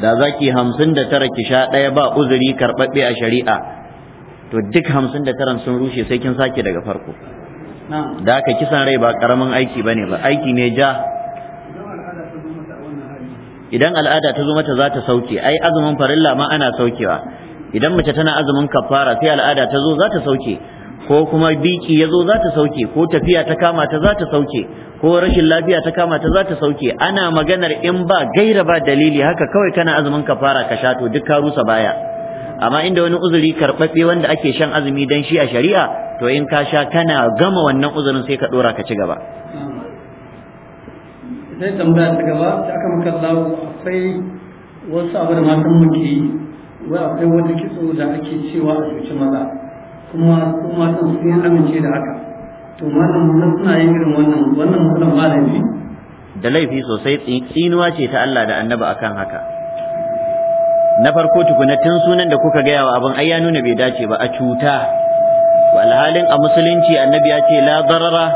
da zaki 59 ki sha daya ba uzuri karbabbe a shari'a to duk 59 sun rushe sai kin sake daga farko da ka kisan rai ba karamin aiki bane ba aiki ne ja idan al'ada ta zo mata za ta sauke ai azumin farilla ma ana saukewa idan mace tana azumin kafara sai al'ada ta zo za ta sauke ko kuma biki ya zo za ta sauke ko tafiya ta kama ta za ta sauke ko rashin lafiya ta kama ta za ta sauke ana maganar in ba gaira ba dalili haka kawai kana azumin ka fara ka shato duk ka rusa baya amma inda wani uzuri karɓaɓɓe wanda ake shan azumi dan shi a shari'a to in ka sha kana gama wannan uzurin sai ka ɗora ka ci gaba sai tambaya ta gaba ta aka maka akwai wasu abu da matan muke akwai wata kitso da ake cewa a cuci maza kuma kuma sun sun amince da haka to malam mun suna yin irin wannan wannan mutum malami. da laifi sosai tsinuwa ce ta Allah da annabi akan haka na farko tukuna tun sunan da kuka gaya wa abin ai ya nuna bai dace ba a cuta Walhalin a musulunci annabi ya ce la darara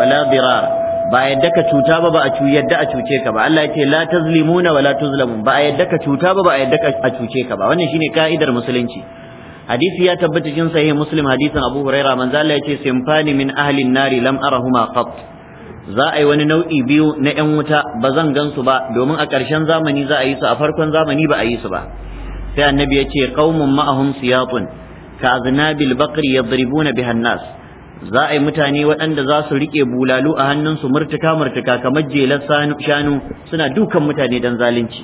wa la dirar ba yadda ka cuta ba ba a cu yadda a cuce ka ba Allah ya ce la tazlimuna wa la tuzlamun ba a yadda ka cuta ba ba a yadda a cuce ka ba wannan shine ka'idar musulunci hadisi ya tabbata cikin sahih muslim hadisin abu huraira manzo Allah yace simfani min ahli nari lam arahuma qat za a yi wani nau'i biyu na yan wuta ba zan gansu ba domin a ƙarshen zamani za a yi su a farkon zamani ba a yi su ba sai annabi yace qaumun ma'ahum siyatun ka aznabil baqri yadribuna biha nas za a yi mutane waɗanda za su rike bulalu a hannunsu murtuka murtuka kamar jelar shanu suna dukan mutane dan zalunci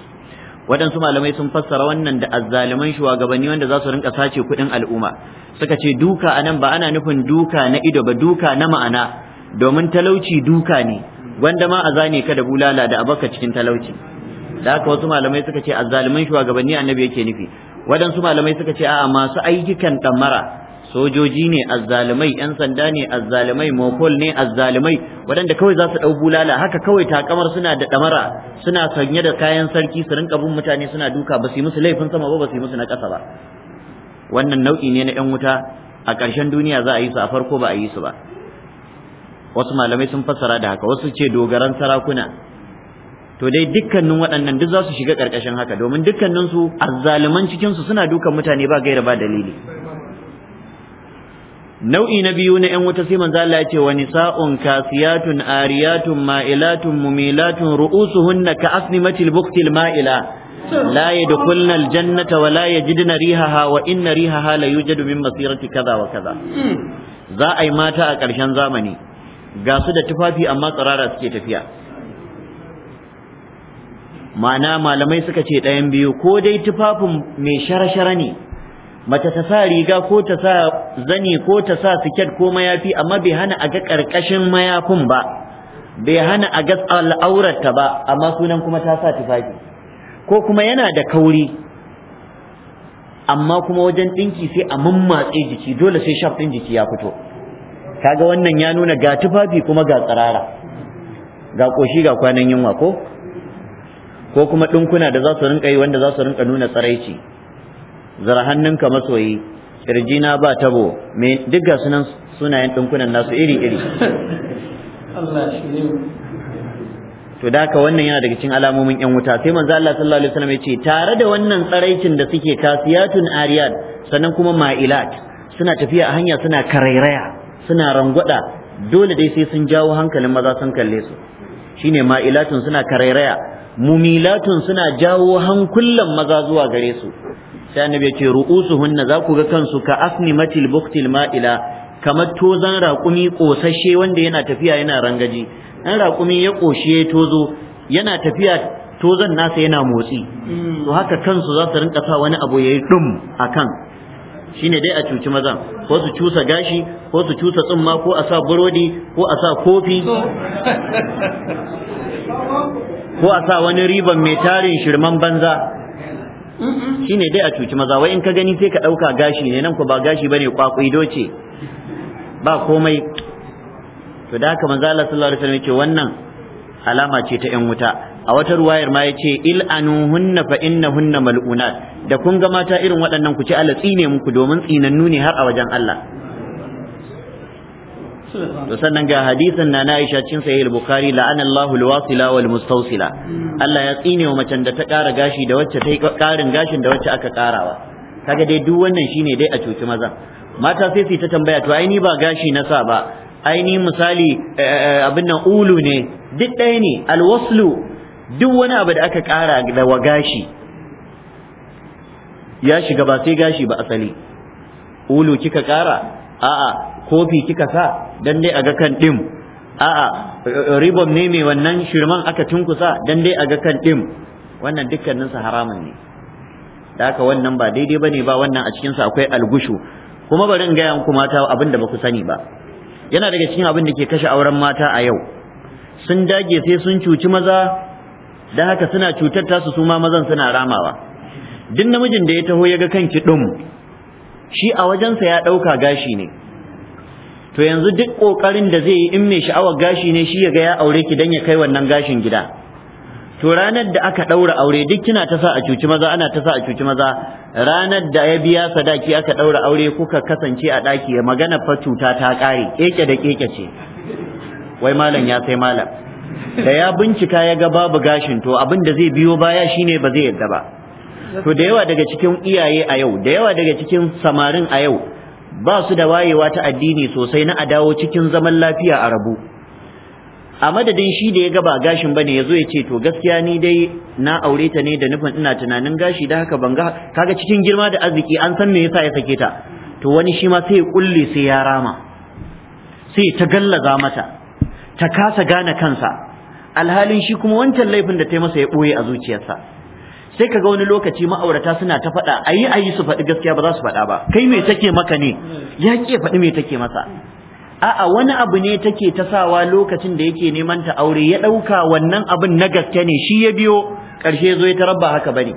waɗansu malamai sun fassara wannan da azzaliman shugabanni wanda za su rinka sace kuɗin al'umma suka ce duka anan ba ana nufin duka na ido ba duka na ma'ana domin talauci duka ne wanda ma a zane ka da bulala da abaka cikin talauci da haka wasu malamai suka ce azzaliman shugabanni annabi yake nufi waɗansu malamai suka ce a'a masu ayyukan ɗamara sojoji ne azzalumai yan sanda ne azzalumai mokol ne azzalumai waɗanda kawai za su ɗau bulala haka kawai takamar suna da ɗamara suna sanye da kayan sarki su rinka bin mutane suna duka ba su yi musu laifin sama ba ba su yi musu na ƙasa ba wannan nau'i ne na yan wuta a ƙarshen duniya za a yi su a farko ba a yi su ba wasu malamai sun fassara da haka wasu ce dogaran sarakuna to dai dukkanin waɗannan duk za su shiga ƙarƙashin haka domin dukkaninsu azzaluman cikinsu suna dukan mutane ba gaira ba dalili nau'i na biyu na 'yan wuta sai manzo Allah ya ce wa nisa'un kasiyatun ariyatun ma'ilatun mumilatun ru'usuhunna ka asnimatil buktil ma'ila la yadkhulna jannata wa la yajidna rihaha wa inna rihaha la yujadu min masirati kaza wa kaza za a yi mata a ƙarshen zamani ga su da tufafi amma tsirara suke tafiya ma'ana malamai suka ce ɗayan biyu ko dai tufafin mai shara-shara ne mace ta sa riga ko ta sa zani ko ta sa siket ko mayafi amma bai hana a ga karkashin mayafin ba bai hana a ga al'aurarta ba amma sunan kuma ta sa tufafi ko kuma yana da kauri amma kuma wajen ɗinki sai a mammatse jiki dole sai shaf ɗin jiki ya fito kaga wannan ya nuna ga tufafi kuma ga tsirara ga ƙoshi ga kwanan yunwa ko ko kuma ɗinkuna da za su rinka yi wanda za su rinka nuna tsaraici zara hannunka masoyi na ba tabo me duk ga sunan sunayen dinkunan nasu iri iri Allah to da haka wannan yana daga cikin alamomin yan wuta sai manzo Allah sallallahu alaihi wasallam ya ce tare da wannan tsaraicin da suke kasiyatun ariyat sannan kuma ma'ilat suna tafiya a hanya suna karairaya suna rangwada dole dai sai sun jawo hankalin maza sun kalle su shine ma'ilatun suna karairaya mumilatun suna jawo hankulan maza zuwa gare su sai annabi ya ce ru'usuhunna za ku ga kansu ka matil buqtil ma'ila kamar tozan raƙumi ƙosashe wanda yana tafiya yana rangaji an raƙumi ya ƙoshe ya tozo yana tafiya tozan nasa yana motsi to haka kansu za su rinka sa wani abu yayi dum akan shine dai a cuci mazan ko su cusa gashi ko su cusa tsumma ko a sa burodi ko a sa kofi ko a sa wani riban mai tarin shirman banza Shi ne dai a cuci maza wai in ka gani sai ka ɗauka gashi ne nan ku ba gashi bane kwakwido ce ba komai to da haka manzo Allah sallallahu alaihi wasallam ce wannan alama ce ta 'yan wuta a wata ruwayar ma yace il anuhunna fa hunna mal'unat da kun ga mata irin waɗannan ku ci alatsi ne muku domin tsinannu ne har a wajen Allah to sannan ga hadisin na Aisha cin sahih al-Bukhari la'ana Allahu al-wasila wal mustawsila Allah ya tsine wa macen da ta ƙara gashi da wacce ta yi ƙarin gashin da wacce aka ƙarawa kaga dai duk wannan shine dai a cuci maza mata sai su ta tambaya to aini ba gashi na sa ba aini misali eh, eh, abin nan ulu ne duk ɗaya ne al-waslu duk wani abu da aka kara da wa gashi ya shiga ba sai gashi ba asali ulu kika ƙara a'a kofi kika sa dan dai aga kan ɗin a'a ribon ne mai wannan shirman aka tunkusa dan dai aga kan ɗin wannan dukkaninsa haramun ne da haka wannan ba daidai bane ba wannan a sa akwai algushu kuma bari in gaya muku mata abin da ba ku sani ba yana daga cikin abin da ke kashe auren mata a yau sun dage sai sun cuci maza da haka suna cutar tasu su ma mazan suna ramawa duk namijin da ya taho ya ga kanki dum shi a wajensa ya ɗauka gashi ne to yanzu duk ƙoƙarin da zai yi in mai sha'awar gashi ne shi ya ga ya aure ki dan ya kai wannan gashin gida to ranar da aka ɗaura aure duk kina ta sa a cuci maza ana ta sa a cuci maza ranar da ya biya sadaki aka ɗaura aure kuka kasance a ɗaki ya magana fa cuta ta ƙare keke da keke ce wai malam ya sai malam da ya bincika ya ga babu gashin to abin da zai biyo baya shine ba zai yadda ba to da yawa daga cikin iyaye a yau da yawa daga cikin samarin a yau ba su da wayewa ta addini sosai na a dawo cikin zaman lafiya a rabu a madadin shi da ya gaba gashin bane yazo ya ce to gaskiya ni dai na aure ta ne da nufin ina tunanin gashi da haka banga kaga cikin girma da arziki an san me yasa ya sake ta to wani shi ma sai ya kulle sai ya rama sai ta gallaza mata ta kasa gane kansa alhalin shi kuma wancan laifin da ta yi masa ya ɓoye a zuciyarsa sai kaga wani lokaci ma'aurata suna ta faɗa ayi ayi su faɗi gaskiya ba za su faɗa ba kai me take maka ne ya ke faɗi me take masa a'a wani abu ne take ta sawa lokacin da yake neman ta aure ya ɗauka wannan abin na gaske ne shi ya biyo ƙarshe zo ya rabba haka bane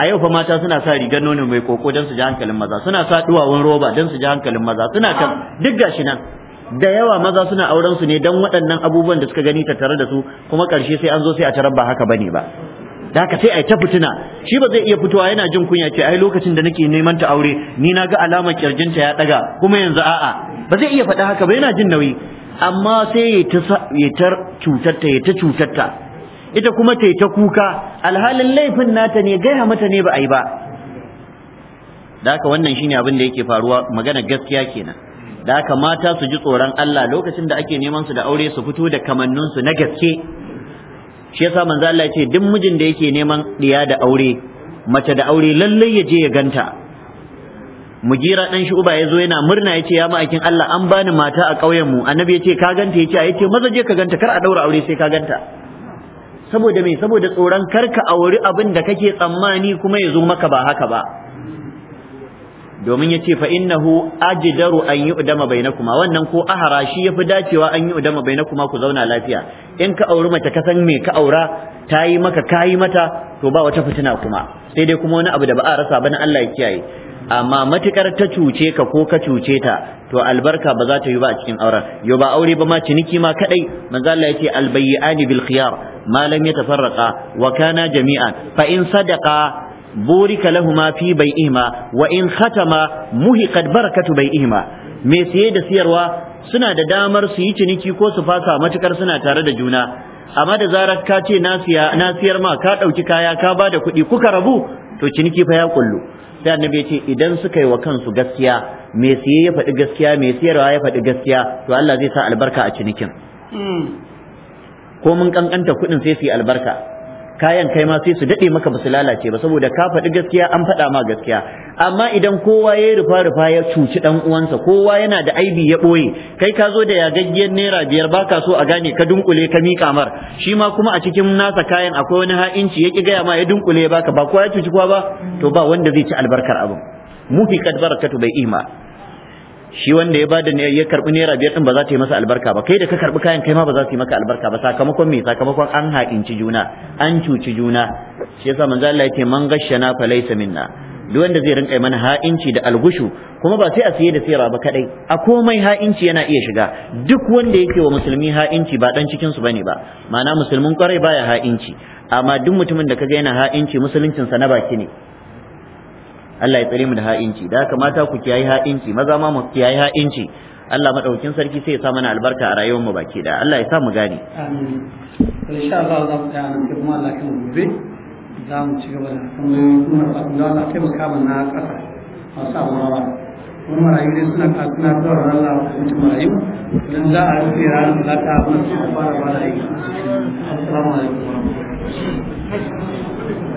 a yau fa mata suna sa rigar nono mai koko don su ji hankalin maza suna sa duwawun roba don su ji hankalin maza suna kan duk gashi nan da yawa maza suna auren su ne don waɗannan abubuwan da suka gani ta tare da su kuma ƙarshe sai an zo sai a tarar ba haka bane ba da haka sai a ta fitina shi ba zai iya fitowa yana jin kunya ce ai lokacin da nake neman ta aure ni na ga alamar kirjinta ya daga kuma yanzu a'a ba zai iya faɗa haka ba yana jin nauyi amma sai ya ta ya ta ya ta ita kuma ta ta kuka alhalin laifin nata ne gaya mata ne ba a yi ba da haka wannan shine abin da yake faruwa magana gaskiya kenan da haka mata su ji tsoron Allah lokacin da ake neman su da aure su fito da kamanninsu na gaske shi yasa manzo Allah ce duk mijin da yake neman diya da aure mace da aure lallai ya je ya ganta mujira dan shi uba yazo yana murna yace ya ma'aikin Allah an bani mata a ƙauyen mu annabi yace ka ganta yace yace maza je ka ganta kar a daura aure sai ka ganta saboda me saboda tsoron karka auri abin da kake tsammani kuma ya zo maka ba haka ba domin ya ce fa innahu ajdaru an na kuma wannan ko ahara shi yafi dacewa an yi udama na kuma ku zauna lafiya in ka auri mace ka san me ka aura ta yi maka kayi mata to ba wata fitina kuma sai dai kuma wani abu da ba a rasa ba na Allah ya kiyaye amma matukar ta cuce ka ko ka cuce ta to albarka ba za ta yi ba a cikin auren yo ba aure ba ma ciniki ma kadai manzo Allah ya ce albayyani bil khiyar ma lam yatafarraqa wa kana jami'an fa in sadaqa burika lahuma fi bai'ihima wa in khatama muhiqat barakatu bai'ihima me siye da siyarwa suna da damar su yi ciniki ko su fasa matukar suna tare da juna amma da zarar ka ce na siyar ma ka ɗauki kaya ka ba da kuɗi kuka rabu to ciniki fa ya kullu sai annabi ce idan suka yi wa kansu gaskiya me siye ya faɗi gaskiya me siyarwa ya faɗi gaskiya to Allah zai sa albarka a cinikin hmm. ko mun kankanta kuɗin sai su yi albarka kayan kai ma sai su daɗe maka ba su lalace ba saboda ka faɗi gaskiya an faɗa ma gaskiya amma idan kowa ya rufa rufa ya cuci ɗan uwansa kowa yana da aibi ya ɓoye kai ka zo da yagaggiyar naira biyar baka so a gane ka dunkule ka mika mar shi ma kuma a cikin nasa kayan akwai wani ha'inci ya ki gaya ma ya dunkule baka ba kowa ya cuci kowa ba to ba wanda zai ci albarkar abin muhiqat barakatu bai ima shi wanda ya bada ya karbi naira biyar din ba za ta yi masa albarka ba kai da ka karbi kayan kai ma ba za su yi maka albarka ba sakamakon me sakamakon an haƙinci juna an cuci juna shi yasa manzo Allah yake man gashshana fa laysa minna duk wanda zai rinka mana ha'inci da algushu kuma ba sai a siye da siyarwa ba kadai a komai ha'inci yana iya shiga duk wanda yake wa musulmi ha'inci ba dan cikin su bane ba ma'ana musulmin kwarai baya ha'inci amma duk mutumin da kaga yana ha'inci musuluncin sa na baki ne Allah ya tsare mu da ha'inci da haka mata ku kiyaye ha'inci maza ma mu kiyaye ha'inci Allah madaukin sarki sai ya sa mana albarka a rayuwar mu baki da Allah ya sa mu gane amin insha Allah za mu gane sai kuma Allah kan gobe za mu ci gaba da tambayoyi kuma da Allah kai mu kama na kasa masu rawa. wani marayu ne suna kasuna zuwa Allah a cikin marayu don za a rufe ranar da ta abin su fara fara yi assalamu alaikum